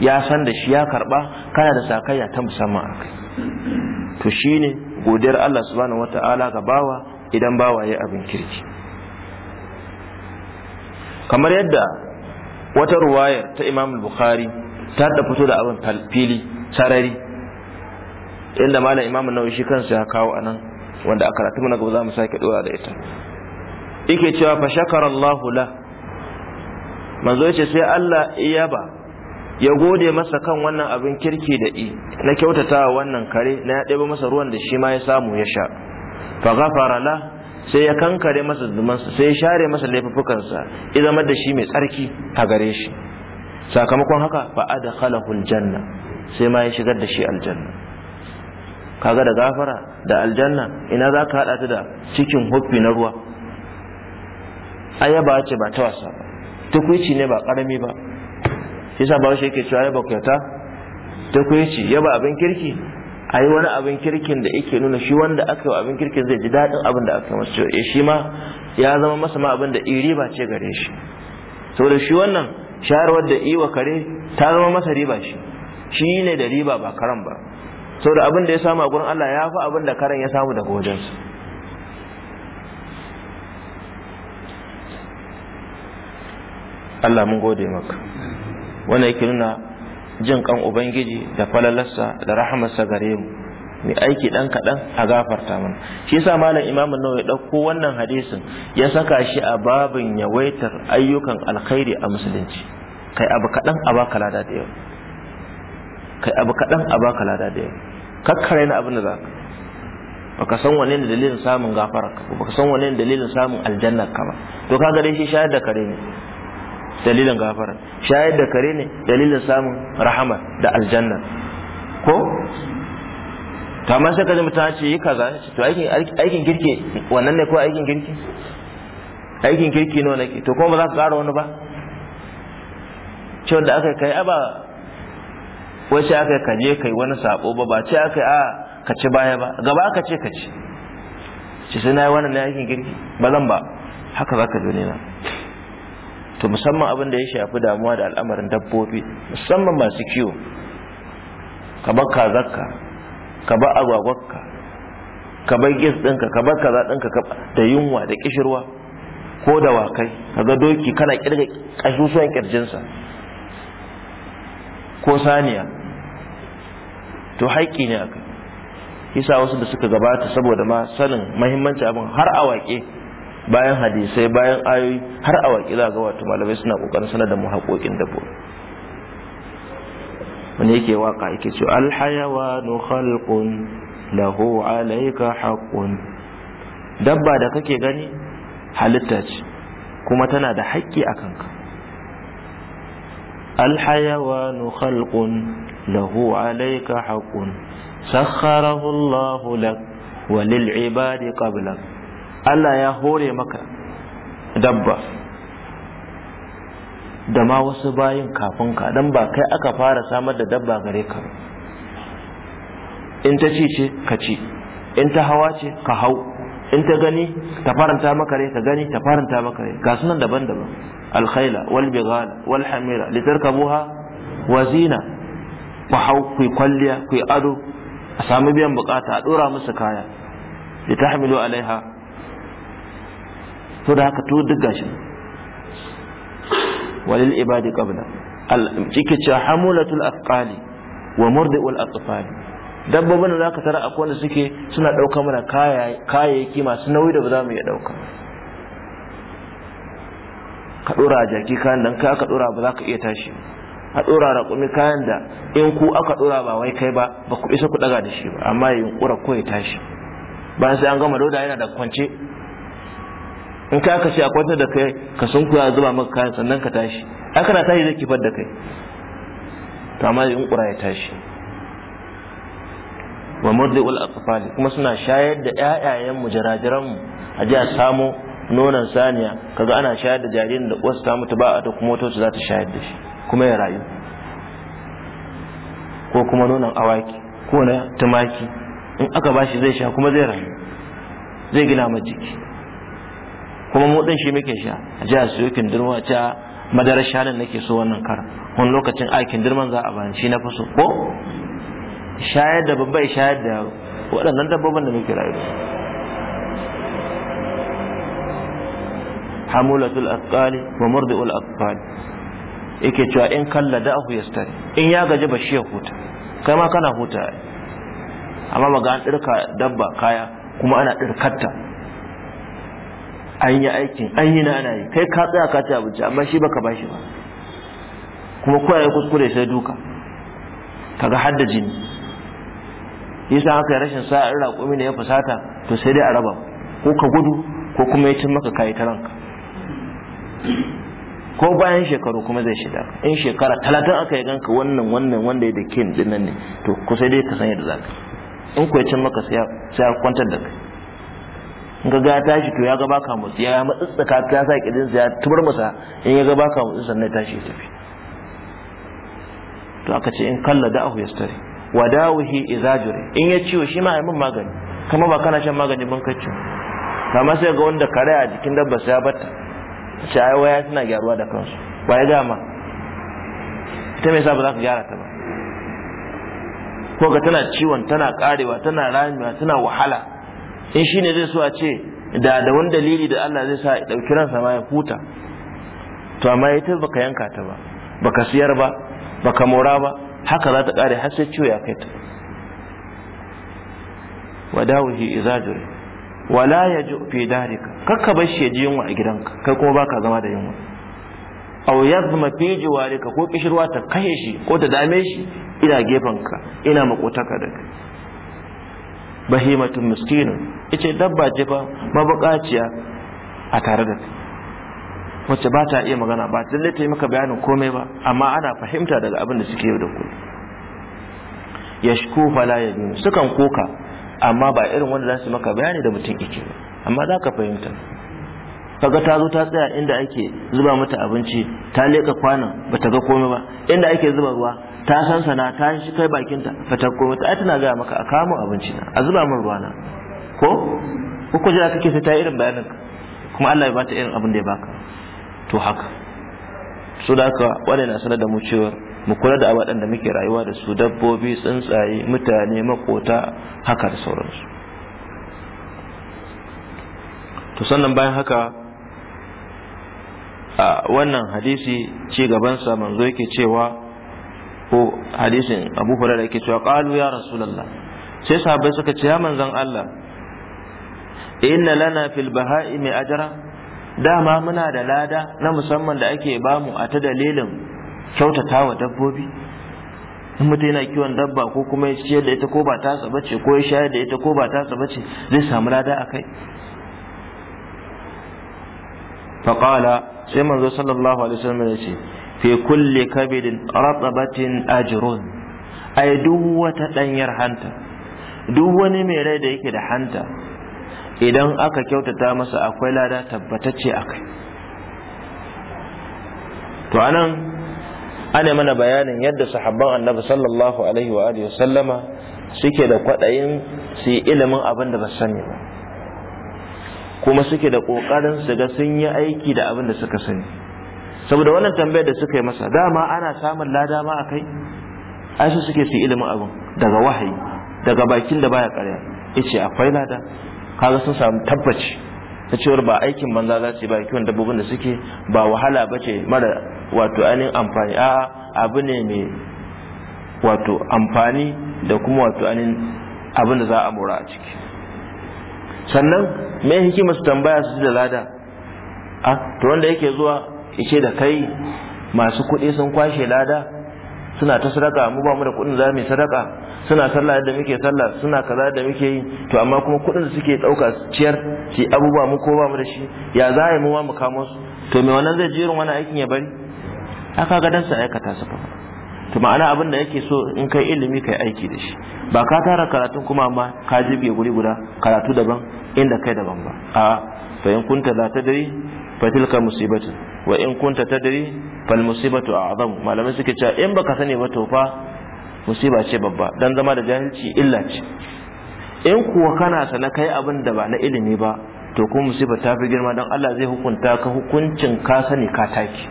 ya san da shi ya karba kana da sakayya ta musamman a kai to shine godiyar Allah subhanahu wata'ala ga bawa idan bawa ya abin kirki kamar yadda wata ruwayar ta Imam Bukhari ta da fito da abin fili sarari inda malam Imam Nawawi shi kansa ya kawo anan wanda a karatu mana gaba za mu sake dora da ita yake cewa fa shakarallahu la manzo yace sai Allah iya ba ya gode masa kan wannan abin kirki da i na kyautata wannan kare na ya ɗaya masa ruwan da shi ma ya samu ya sha fa ghafara la sai ya kankare masa zumansa sai ya share masa laifukansa ya zama da shi mai tsarki a gare shi sakamakon haka fa adkhalahu aljanna sai ma ya shigar da shi aljanna kaga da gafara da aljanna ina za ka haɗa ta da cikin hoffi na ruwa ayaba ce ba ta wasa ba tukwici ne ba ƙarami ba shi sa ba shi yake cewa ya bakwata ta ku ya ba abin kirki a yi wani abin kirkin da yake nuna shi wanda aka yi abin kirkin zai ji daɗin abin da aka masu cewa eh, shi ma ya zama masa ma abin da riba ce gare shi saboda shi wannan shayarwar da iwa kare ta zama masa riba shi shi ne da riba ba karan ba saboda abin da ya samu a gurin Allah ya fi abin da karan ya samu daga wajensu Allah mun gode maka wanda yake nuna jin kan ubangiji da falalarsa da rahamarsa gare mu mai aiki dan kaɗan a gafarta mana shi yasa malam imam ya ɗauko wannan hadisin ya saka shi a babin yawaitar ayyukan alkhairi a musulunci kai abu kaɗan a baka lada da yau kai abu kaɗan a baka lada da yau kakkare na abin da za ka baka san wane ne dalilin samun gafara ka baka san wane ne dalilin samun aljanna ka ba to kaga dai shi shayar da kare ne dalilin gafara shayar da kare ne dalilin samun rahama da aljanna ko to amma sai ka ji mutum ce yi kaza to aikin kirki wannan ne ko aikin kirki aikin kirki ne wannan to kuma ba za ka ƙara wani ba Cewa da aka kai ba wace aka ka je kai wani sabo ba ba ce aka a ka ci baya ba gaba aka ce ka ci ci sai na yi wannan ne aikin kirki ba zan ba haka za ka zo ne na to musamman abin da ya shafi damuwa da al'amarin dabbobi musamman masu kiwo ka bar kazakka ka bar agwagwakka ka bar gis ɗinka ka bar kaza ɗinka da yunwa da kishirwa ko da wakai ka doki kana kirga ƙasusuwan ƙirjinsa ko saniya to haƙƙi ne akai yasa wasu da suka gabata saboda ma sanin mahimmanci abin har a waƙe bayan hadisai bayan ayoyi har a waƙila ga wato malamai suna ƙoƙarin sanar da mu haƙoƙin dabbobi wani yake waƙa yake cewa alhayawanu khalqun lahu alayka haqqun dabba da kake gani halitta ce kuma tana da haƙƙi a kanka الحيوان خلق له عليك حق سخره الله لك وللعباد قبلك Allah ya hore maka dabba da ma wasu bayin kafin ka dan ba kai aka fara samar da dabba gare ka in ta ci ce ka ci in ta hawa ce ka hau in ta gani ta faranta maka rai ka gani ta faranta maka rai ga sunan daban-daban alkhaila wal bighala wal hamira tarkabuha wa zina ku hau ku kwalliya ku ado a sami biyan bukata a dora musu kaya litahmilu alaiha so da haka to duk gashi walil ibadi qabla al cike ce hamulatul afqali wa murdiul atfali dabbobin da zaka tara akwai wanda suke suna dauka mana kayayyaki masu nauyi da ba za mu iya dauka ka dora jaki kayan dan ka dora ba za ka iya tashi a dora raƙumi kayan da in ku aka dora ba wai kai ba ba ku isa ku daga da shi ba amma ya yunkura ko ya tashi bayan sai an gama loda yana da kwance in ka aka ce a kwantar da kai ka kuwa zuba maka kayan sannan ka tashi a kana tashi zai kifar da kai to amma in ƙura ya tashi wa murdi'ul aqfali kuma suna shayar da ƴaƴayen mu jarajiran mu a ji a samo nonon saniya kaga ana shayar da jaririn da uwarsa ta mutu ba a ta kuma wata za ta shayar da shi kuma ya rayu ko kuma nonon awaki ko na tumaki in aka bashi zai sha kuma zai rayu zai gina ma jiki kuma mu din shi muke sha a jiya a siyo kindirma ta madarar shanin nake so wannan kar wani lokacin a kindirman za a bani shi na fi so ko shayar da babba shayar da waɗannan dabbobin da muke rayu hamulatul asqali wa murdiul asqali yake cewa in kalla da ahu yastari in ya gaji ba shi ya huta kai ma kana huta amma maga an dirka dabba kaya kuma ana ta. an yi aikin an yi na ana yi kai ka tsaya ka ci abinci amma shi baka bashi ba kuma kowa ya kuskure sai duka kaga hadda jini yasa haka ya rashin sa'ar raƙumi ne ya fusata to sai dai a raba ko ka gudu ko kuma ya cin maka kayi ta ranka ko bayan shekaru kuma zai shida in shekara talatin aka yi ganka wannan wannan wanda ya da kin dinnan ne to kusa dai ka san yadda zaka in ku ya cin maka sai a kwantar da kai ga ga tashi to ya ga baka motsi ya matsatsaka ta sa kidin ya tubar masa in ya ga baka motsi sannan tashi ya tafi to aka ce in kalla da ahu yastari wa dawihi idza jure in ya ciwo shi ma ayi magani kama ba kana shan magani ban kacce kama sai ga wanda kare a jikin dabba sai ya batta sai ai waya suna gyaruwa da kansu ba ya gama ita me yasa ba za ka gyara ta ba ko ga tana ciwon tana karewa tana ramewa tana wahala in shi ne zai so a ce da da wani dalili da Allah zai sa ɗauki ransa ma ya huta to amma ya ta baka yanka ta ba baka siyar ba baka mora ba haka za ta ƙare har sai ciwo ya kai ta wadawihi idza jure wala ji fi darika kakka bar shi ya ji yunwa a gidanka kai kuma baka zama da yunwa aw yazma fi jiwarika ko kishirwa ta kashe shi ko ta dame shi ina gefanka ina makotaka da kai bahimatun miskinun ice dabba ce fa mabukaciya a tare da ta wacce ba ta iya magana ba ta ta yi maka bayanin komai ba amma ana fahimta daga abin da suke yau da ku. yashku fala yajin sukan koka amma ba irin wanda za su maka bayani da mutum yake amma za ka fahimta kaga ta zo ta tsaya inda ake zuba mata abinci ta leka kwanan bata ga komai ba inda ake zuba ruwa ta san sana ta shi kai bakinta fata ko ta tana ga maka a kamo abinci na a zuba min ruwana ko ko jira kake sai ta irin bayanin kuma Allah ya bata irin abin da ya baka to haka so da haka wanda na sanar da mu cewa mu kula da abadan da muke rayuwa da su dabbobi tsuntsaye mutane makota haka da sauransu to sannan bayan haka a wannan hadisi ci gabansa manzo yake cewa ko hadisin abu hurairah yake cewa qalu ya rasulullah sai sahabbai suka ce ya manzon Allah inna lana fil baha'imi ajra dama muna da lada na musamman da ake bamu a ta dalilin kyautatawa dabbobi in mutum yana kiwon dabba ko kuma ya ciyar da ita ko ba ta tsaba ce ko ya shayar da ita ko ba ta tsaba ce zai samu lada a kai faƙala sai manzo sallallahu alaihi wasallam ya ce fi kulli kabidin ratsabatin ajrun ai duk wata ɗanyar hanta duk wani mai rai da yake da hanta idan aka kyautata masa akwai lada tabbatacce a kai to anan ana mana bayanin yadda sahabban annabi sallallahu alaihi wa alihi sallama suke da kwaɗayin su yi ilimin abin da ba sani ba kuma suke da ƙoƙarin su ga sun yi aiki da abin da suka sani saboda wannan tambayar da suka yi masa dama ana samun lada ma akai ai su suke su ilimin abin daga wahayi daga bakin da baya karya yace akwai lada kaga sun samu tabbaci ta cewar ba aikin banza za su yi ba kiwon dabbobin da suke ba wahala ba ce mara wato ainihin amfani a abu ne mai wato amfani da kuma wato ainihin abin da za a mora a ciki sannan me hikima su tambaya su ji da lada a ah, to wanda yake zuwa ice da kai masu kuɗi sun kwashe lada suna ta sadaka mu ba mu da kuɗin za mu sadaka suna sallah da muke sallah suna kaza da muke yi to amma kuma kuɗin da suke ɗauka ciyar su abubuwa mu ko ba mu da shi ya za a yi mu mu kamo su to me wannan zai jerin wani aikin ya bari aka ga dan sa aikata su fa to ma'ana abin da yake so in kai ilimi kai aiki da shi ba ka tara karatun kuma amma ka jibge guri guda karatu daban inda kai daban ba a fa in kunta la tadri fatilka musibatu wa in kunta tadri fal musibatu a'zamu malamai suke cewa in baka sani ba to fa musiba ce babba dan zama da jahilci illa ce in kuwa kana sana kai abin da ba na ilimi ba to kuma musiba ta fi girma dan Allah zai hukunta ka hukuncin ka sani ka taki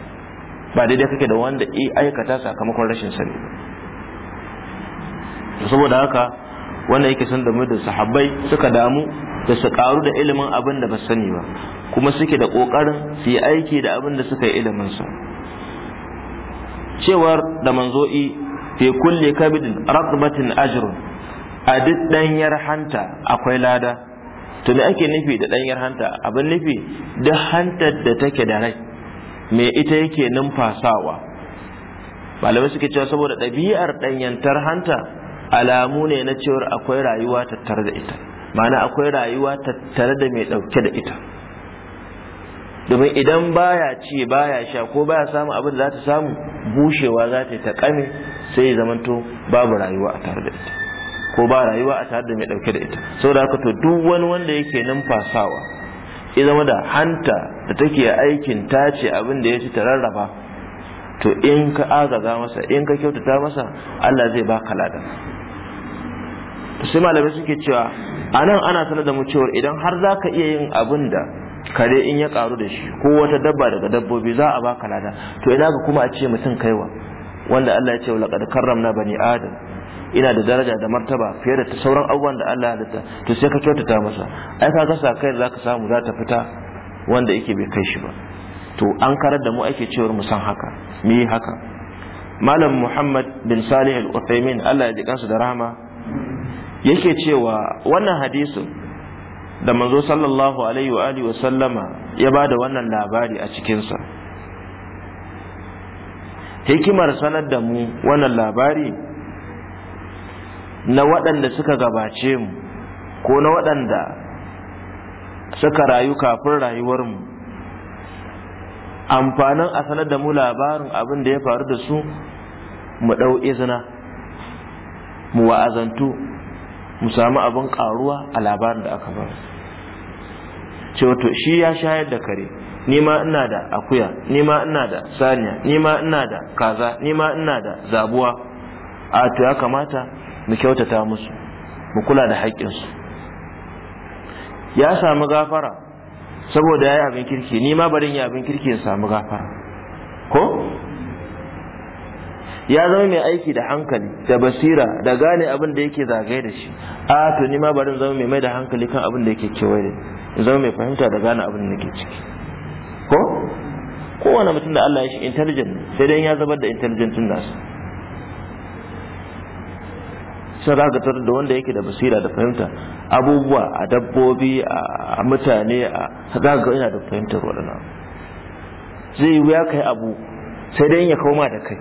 ba daidai kake da wanda i aikata sakamakon rashin sani saboda haka wanda yake san da mu da sahabbai suka damu da su karu da ilimin abin da ba sani ba kuma suke da kokarin su yi aiki da abin da suka yi ilimin su cewar da manzo'i fi kulli kabidin raqbatin ajrun a duk danyar hanta akwai lada to me ake nufi da danyar hanta abin nufi duk hantar da take da rai me ita yake numfasawa malamai suke cewa saboda ɗabi'ar ɗanyantar hanta alamu ne na cewar akwai rayuwa tattare da ita ma'ana akwai rayuwa tattare da mai ɗauke da ita domin idan baya ci baya sha ko baya samu abin da za ta samu bushewa za ta yi ta kame sai ya zamanto babu rayuwa a tare da ita ko ba rayuwa a tare da mai ɗauke da ita saboda haka to duk wani wanda yake numfasawa ya zama da hanta da take aikin tace abin da ya ci ta rarraba to in ka agaza masa in ka kyautata masa Allah zai baka ladan sai malamai suke cewa anan ana sanar da mu cewa idan har zaka iya yin abin da kare in ya karu da shi ko wata dabba daga dabbobi za a baka lada to ina ga kuma a ce mutum kaiwa wanda Allah ya ce wa laqad karramna bani adam ina da daraja da martaba fiye da sauran abubuwan da Allah ya halitta to sai ka kyautata masa ai ka gasa kai da zaka samu za ta fita wanda yake bai kai shi ba to an karar da mu ake cewa mu san haka mu haka malam muhammad bin salih al-uthaymin Allah ya ji kansa da rahama yake cewa wannan hadisin da manzo sallallahu alaihi wa alihi sallama ya ba da wannan labari a cikinsa hikimar sanar da mu wannan labari na waɗanda suka gabace mu ko na waɗanda suka rayu kafin rayuwarmu amfanin a sanar da mu labarin abin da ya faru da su mu ɗau izina mu wa'azantu mu samu abin karuwa a labarin da aka bar cewa to shi ya shayar da kare nima ina da akuya nima ina da saniya nima ina da kaza nima ina da zabuwa a to ya kamata mu kyautata musu mu kula da haƙƙinsu ya samu gafara saboda ya yi abin kirki nima barin yi abin kirki ya samu gafara ko ya zama mai aiki da hankali da basira da gane abin da yake zagaye da shi a to ni ma bari zama mai mai da hankali kan abin da yake kewaye da in zama mai fahimta da gane abin da yake ciki ko kowane mutum da Allah ya shi intelligent sai dai ya zabar da intelligent din nasu sai ga ka da wanda yake da basira da fahimta abubuwa a dabbobi a mutane a za ga ina da fahimtar waɗannan zai yi wuya kai abu sai dai ya koma da kai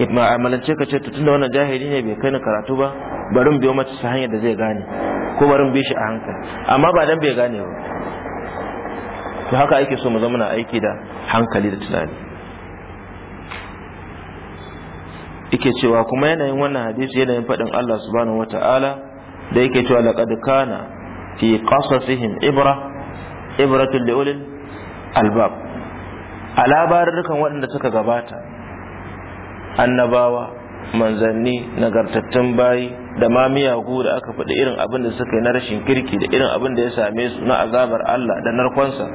ma'amalance ka ce to tunda wannan jahili ne bai kai ni karatu ba barin biyo mace ta hanyar da zai gane ko barin bi shi a hankali amma ba dan bai gane ba to haka ake so mu zama na aiki da hankali da tunani yake cewa kuma yanayin wannan hadisi yanayin faɗin Allah subhanahu wata'ala da yake cewa laqad kana fi qasasihim ibra ibratul liulil albab a labarin waɗanda suka gabata annabawa manzanni nagartattun bayi da ma miyagu da aka faɗi irin abin da suka yi na rashin kirki da irin abin da ya same su na azabar Allah da narkonsa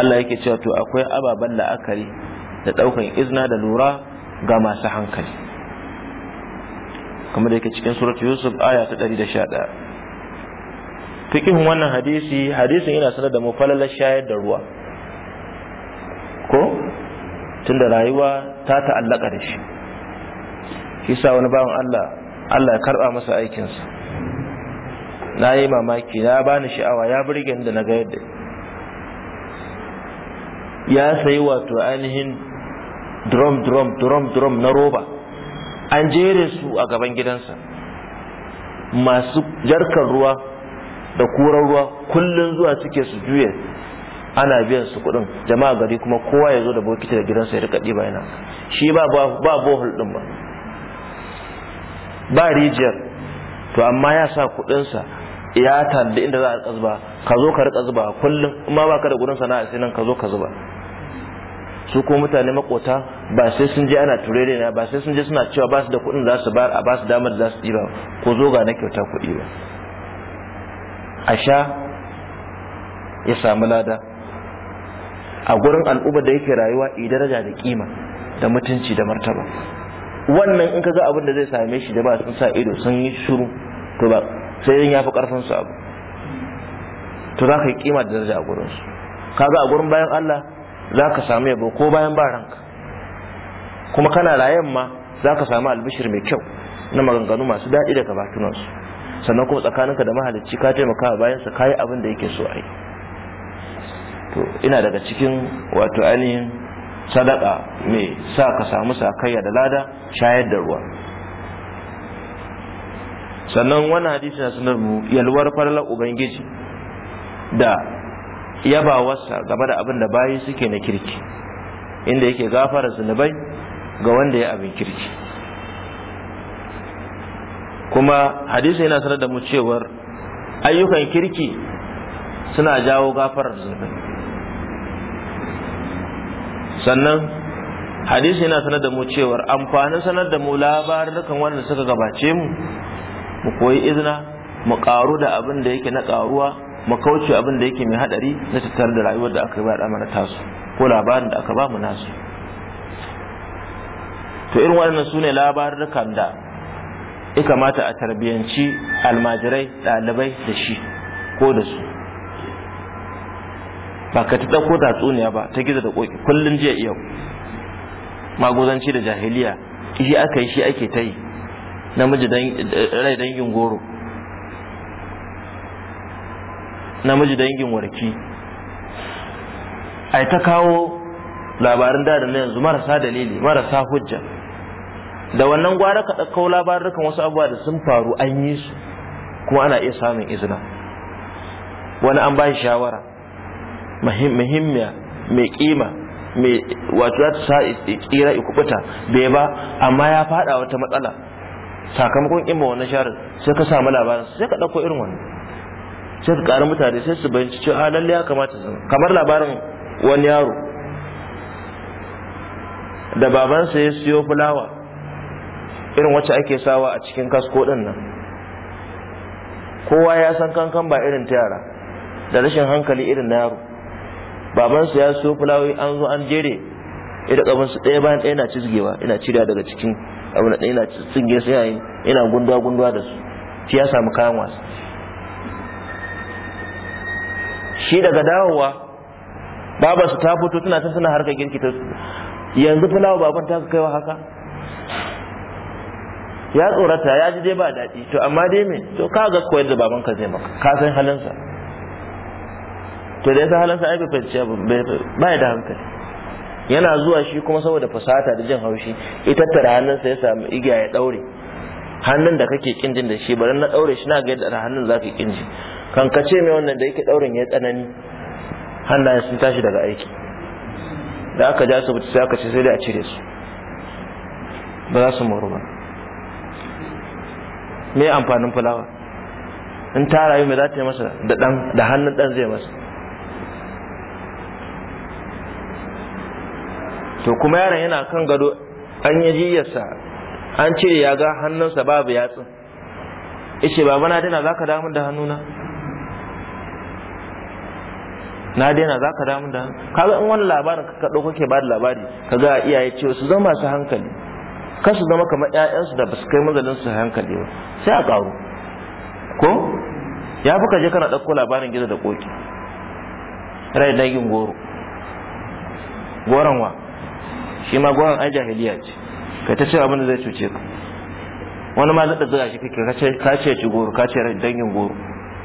Allah yake cewa to akwai ababen la'akari da ɗaukan izna da lura ga masu hankali kamar da yake cikin suratu yusuf aya ta 111 fikihun wannan hadisi hadisin yana sanar da mufalalar shayar da ruwa ko da rayuwa ta ta'allaka da shi kisa wani bawan Allah Allah ya karɓa masa aikinsa na yi mamaki na bani sha'awa ya burge ni da na ga yadda ya sayi wato ainihin drum drum drum drum na roba an jere su a gaban gidansa masu jarkar ruwa da kuran ruwa kullum zuwa suke su juya ana biyan su kuɗin jama'a gari kuma kowa ya zo da bokiti da gidansa ya rika ɗiba yana shi ba ba bohol ɗin ba ba rijiyar to amma ya sa kuɗinsa ya tanda inda za a rika zuba ka zo ka rika zuba kullum amma ba baka da gurin sana'a sai nan ka zo ka zuba su ko mutane makota ba sai sun je ana ture ne ba sai sun je suna cewa ba su da kuɗin za su bar a ba su damar za su ɗiba ko zo ga na kyauta kuɗi ba a sha ya samu lada a gurin al'ubar da yake rayuwa i daraja da kima da mutunci da martaba wannan in ka ga abin da zai same shi da ba sun sa ido sun yi shuru to ba sai yin yafi karfin su abu to za ka yi kima da daraja a gurin su ga a gurin bayan Allah za ka samu yabo ko bayan ba ranka kuma kana rayan ma za ka samu albishir mai kyau na maganganu masu daɗi daga bakunansu sannan kuma tsakaninka da mahalicci ka taimaka bayansa ka yi abin da yake so a yi to ina daga cikin wato ainihin sadaka mai sa ka samu sakayya da lada shayar da ruwa sannan wani hadisi na sanar mu yalwar farlar ubangiji da yabawarsa game da abin da bayi suke na kirki inda yake gafara zunubai ga wanda ya abin kirki kuma hadisi yana sanar da mu cewar ayyukan kirki suna jawo gafarar zunubai sannan hadisi yana sanar da mu cewar amfanin sanar da mu labarin dukan wanda suka gabace mu mu koyi izina mu karu da abin da yake na karuwa mu kauce abin da yake mai hadari na tattare da rayuwar da aka ba mana tasu ko labarin da aka ba mu nasu to irin waɗannan su ne labarukan da ya kamata a tarbiyanci almajirai ɗalibai da shi ko da su ba ka ta ɗauko tatsuniya ba ta gizo da koki kullum jiya yau magozanci da jahiliya shi aka yi shi ake ta yi namiji rai dangin goro namiji dangin warki ai ta kawo labarin da na yanzu marasa dalili marasa hujja da wannan gwara ka ɗaukau labarukan wasu abubuwa da sun faru an yi su kuma ana iya samun izina wani an ba shi shawara muhimmiya mai kima mai wato ta sa tsira ikubuta bai ba amma ya fada wata matsala sakamakon kima wannan sharin sai ka samu labarin sai ka dauko irin wannan sai ka ƙara mutane sai su bayanci cewa a ah, lalle ya kamata su kamar labarin wani yaro da babansa ya siyo fulawa irin wacce ake sawa a cikin kasko din nan kowa ya san kankan ba irin ta yara da rashin hankali irin na yaro babansu ya siyo fulawoyi an zo an jere ida kaban su ɗaya bayan ɗaya na cizgewa ina cirewa daga cikin abin ɗaya na tsinge su yayin ina gunduwa gunduwa da su shi ya samu kayan wasu shi daga dawowa baba su ta fito tana ta suna harkar girki ta yanzu fulawa baban ta kaiwa haka ya tsorata ya ji dai ba daɗi to amma dai me to ka ga koyar da baban ka zai maka ka san halinsa to da ya sa halansa ai bai ba ya da hankali yana zuwa shi kuma saboda fasata da jin haushi ya tattara hannunsa ya samu igiya ya daure hannun da kake kinjin da shi bari na daure shi na ga yadda hannun zaka kinji kace mai wannan da yake daurin ya tsanani hannayen sun tashi daga aiki da aka ja su sai aka ce sai dai a cire su ba za su moru ba me amfanin fulawa in ta rayu mai za ta yi masa da hannun dan zai masa to kuma yaron yana kan gado an yi jiyarsa an ce ya ga hannunsa babu yatsun ishe baba na dina za ka damu da hannuna na dina za ka damu da kaga in wani labarin ka kaɗo kake ba da labari ka ga iyaye cewa su zama su hankali kar su zama kamar ƴaƴansu da basu kai mazalin su hankali ba sai a ƙaru ko ya fi kaje kana ɗauko labarin gida da ƙoƙi rai dagin goro goron wa shi ma gwan ai jahiliya ce kai ta ce abin da zai cuce ka wani ma zaɗa zira shi kake ka ce ci goro ka ce dangin goro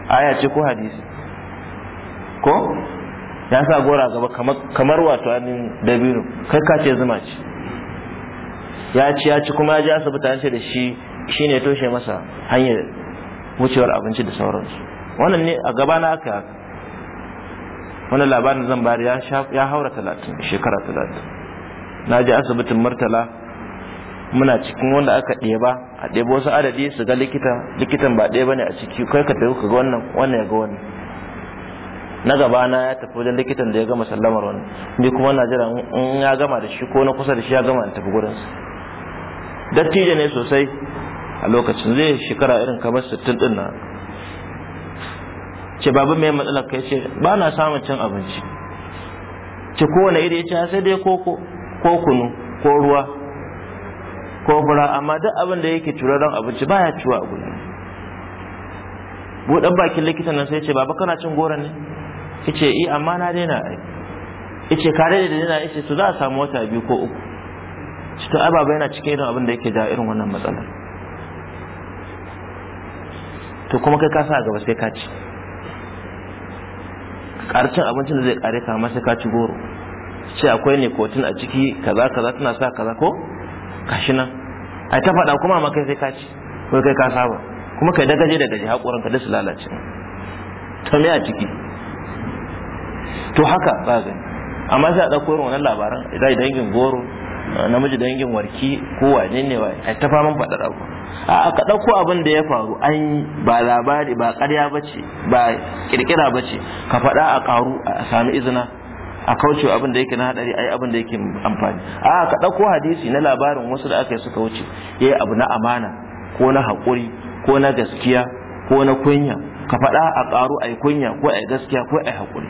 aya ce ko hadisi ko ya sa gora gaba kamar wato anin dabino kai ka ce zuma ce ya ci ya ci kuma ya ji asibiti ya ce da shi shi ya toshe masa hanyar wucewar abinci da sauransu wannan ne a gaba na aka wannan labarin zan bari ya haura talatin shekara talatin na je asibitin murtala muna cikin wanda aka ɗeba a ɗeba wasu adadi su ga likita likitan ba ɗeba bane a ciki kai ka tafi ka ga wannan wannan ya ga wannan na gaba na ya tafi wajen likitan da ya gama sallamar wani ni kuma na jira in ya gama da shi ko na kusa da shi ya gama in tafi gurinsa dattijo ne sosai a lokacin zai shekara irin kamar sittin din na ce babu mai matsalar kai ce ba na samun cin abinci ce kowane iri ya ce sai dai koko ko kunu ko ruwa ko fura amma duk abin da yake turaren abinci baya ciwa a gudu buɗan bakin likita nan sai ce baba kana cin goro ne yace i eh, amma na daina ai yace ka daina da daina yace to za a samu wata biyu ko uku ci to ababa baba yana cikin irin abin da yake da irin wannan matsala. to kuma kai ka sa gaba sai ka ci ƙarcin abincin da zai ƙare ka amma sai ka ci goro ce akwai nikotin a ciki kaza kaza tana sa kaza ko kashi nan ai ta faɗa kuma ma kai sai ka ci ko kai ka saba kuma kai da gaje da gaje haƙoran ka da su lalace ta me a ciki to haka ba zai amma sai a ɗauko irin wannan labaran idan dangin goro namiji dangin warki ko wane ne wai ai ta faman faɗar abu a aka ɗauko abin da ya faru an ba labari ba ƙarya bace ba ƙirƙira bace ka faɗa a ƙaru a sami izina a kauce abin da yake na hadari ai abin da yake amfani a ka ɗauko hadisi na labarin wasu da aka yi suka wuce yayi abu na amana ko na haƙuri ko na gaskiya ko na kunya ka faɗa a ƙaru ai kunya ko ai gaskiya ko ai haƙuri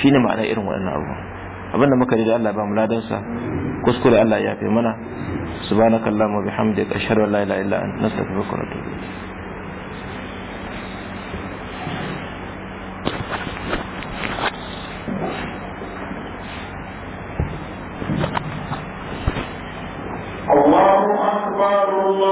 shine ma'ana irin waɗannan abu abinda muka rida Allah ba mu sa kuskure Allah ya fi mana wa bihamdika ashhadu an la ilaha illa anta nastaghfiruka wa atubu Thank you. الله أكبر الله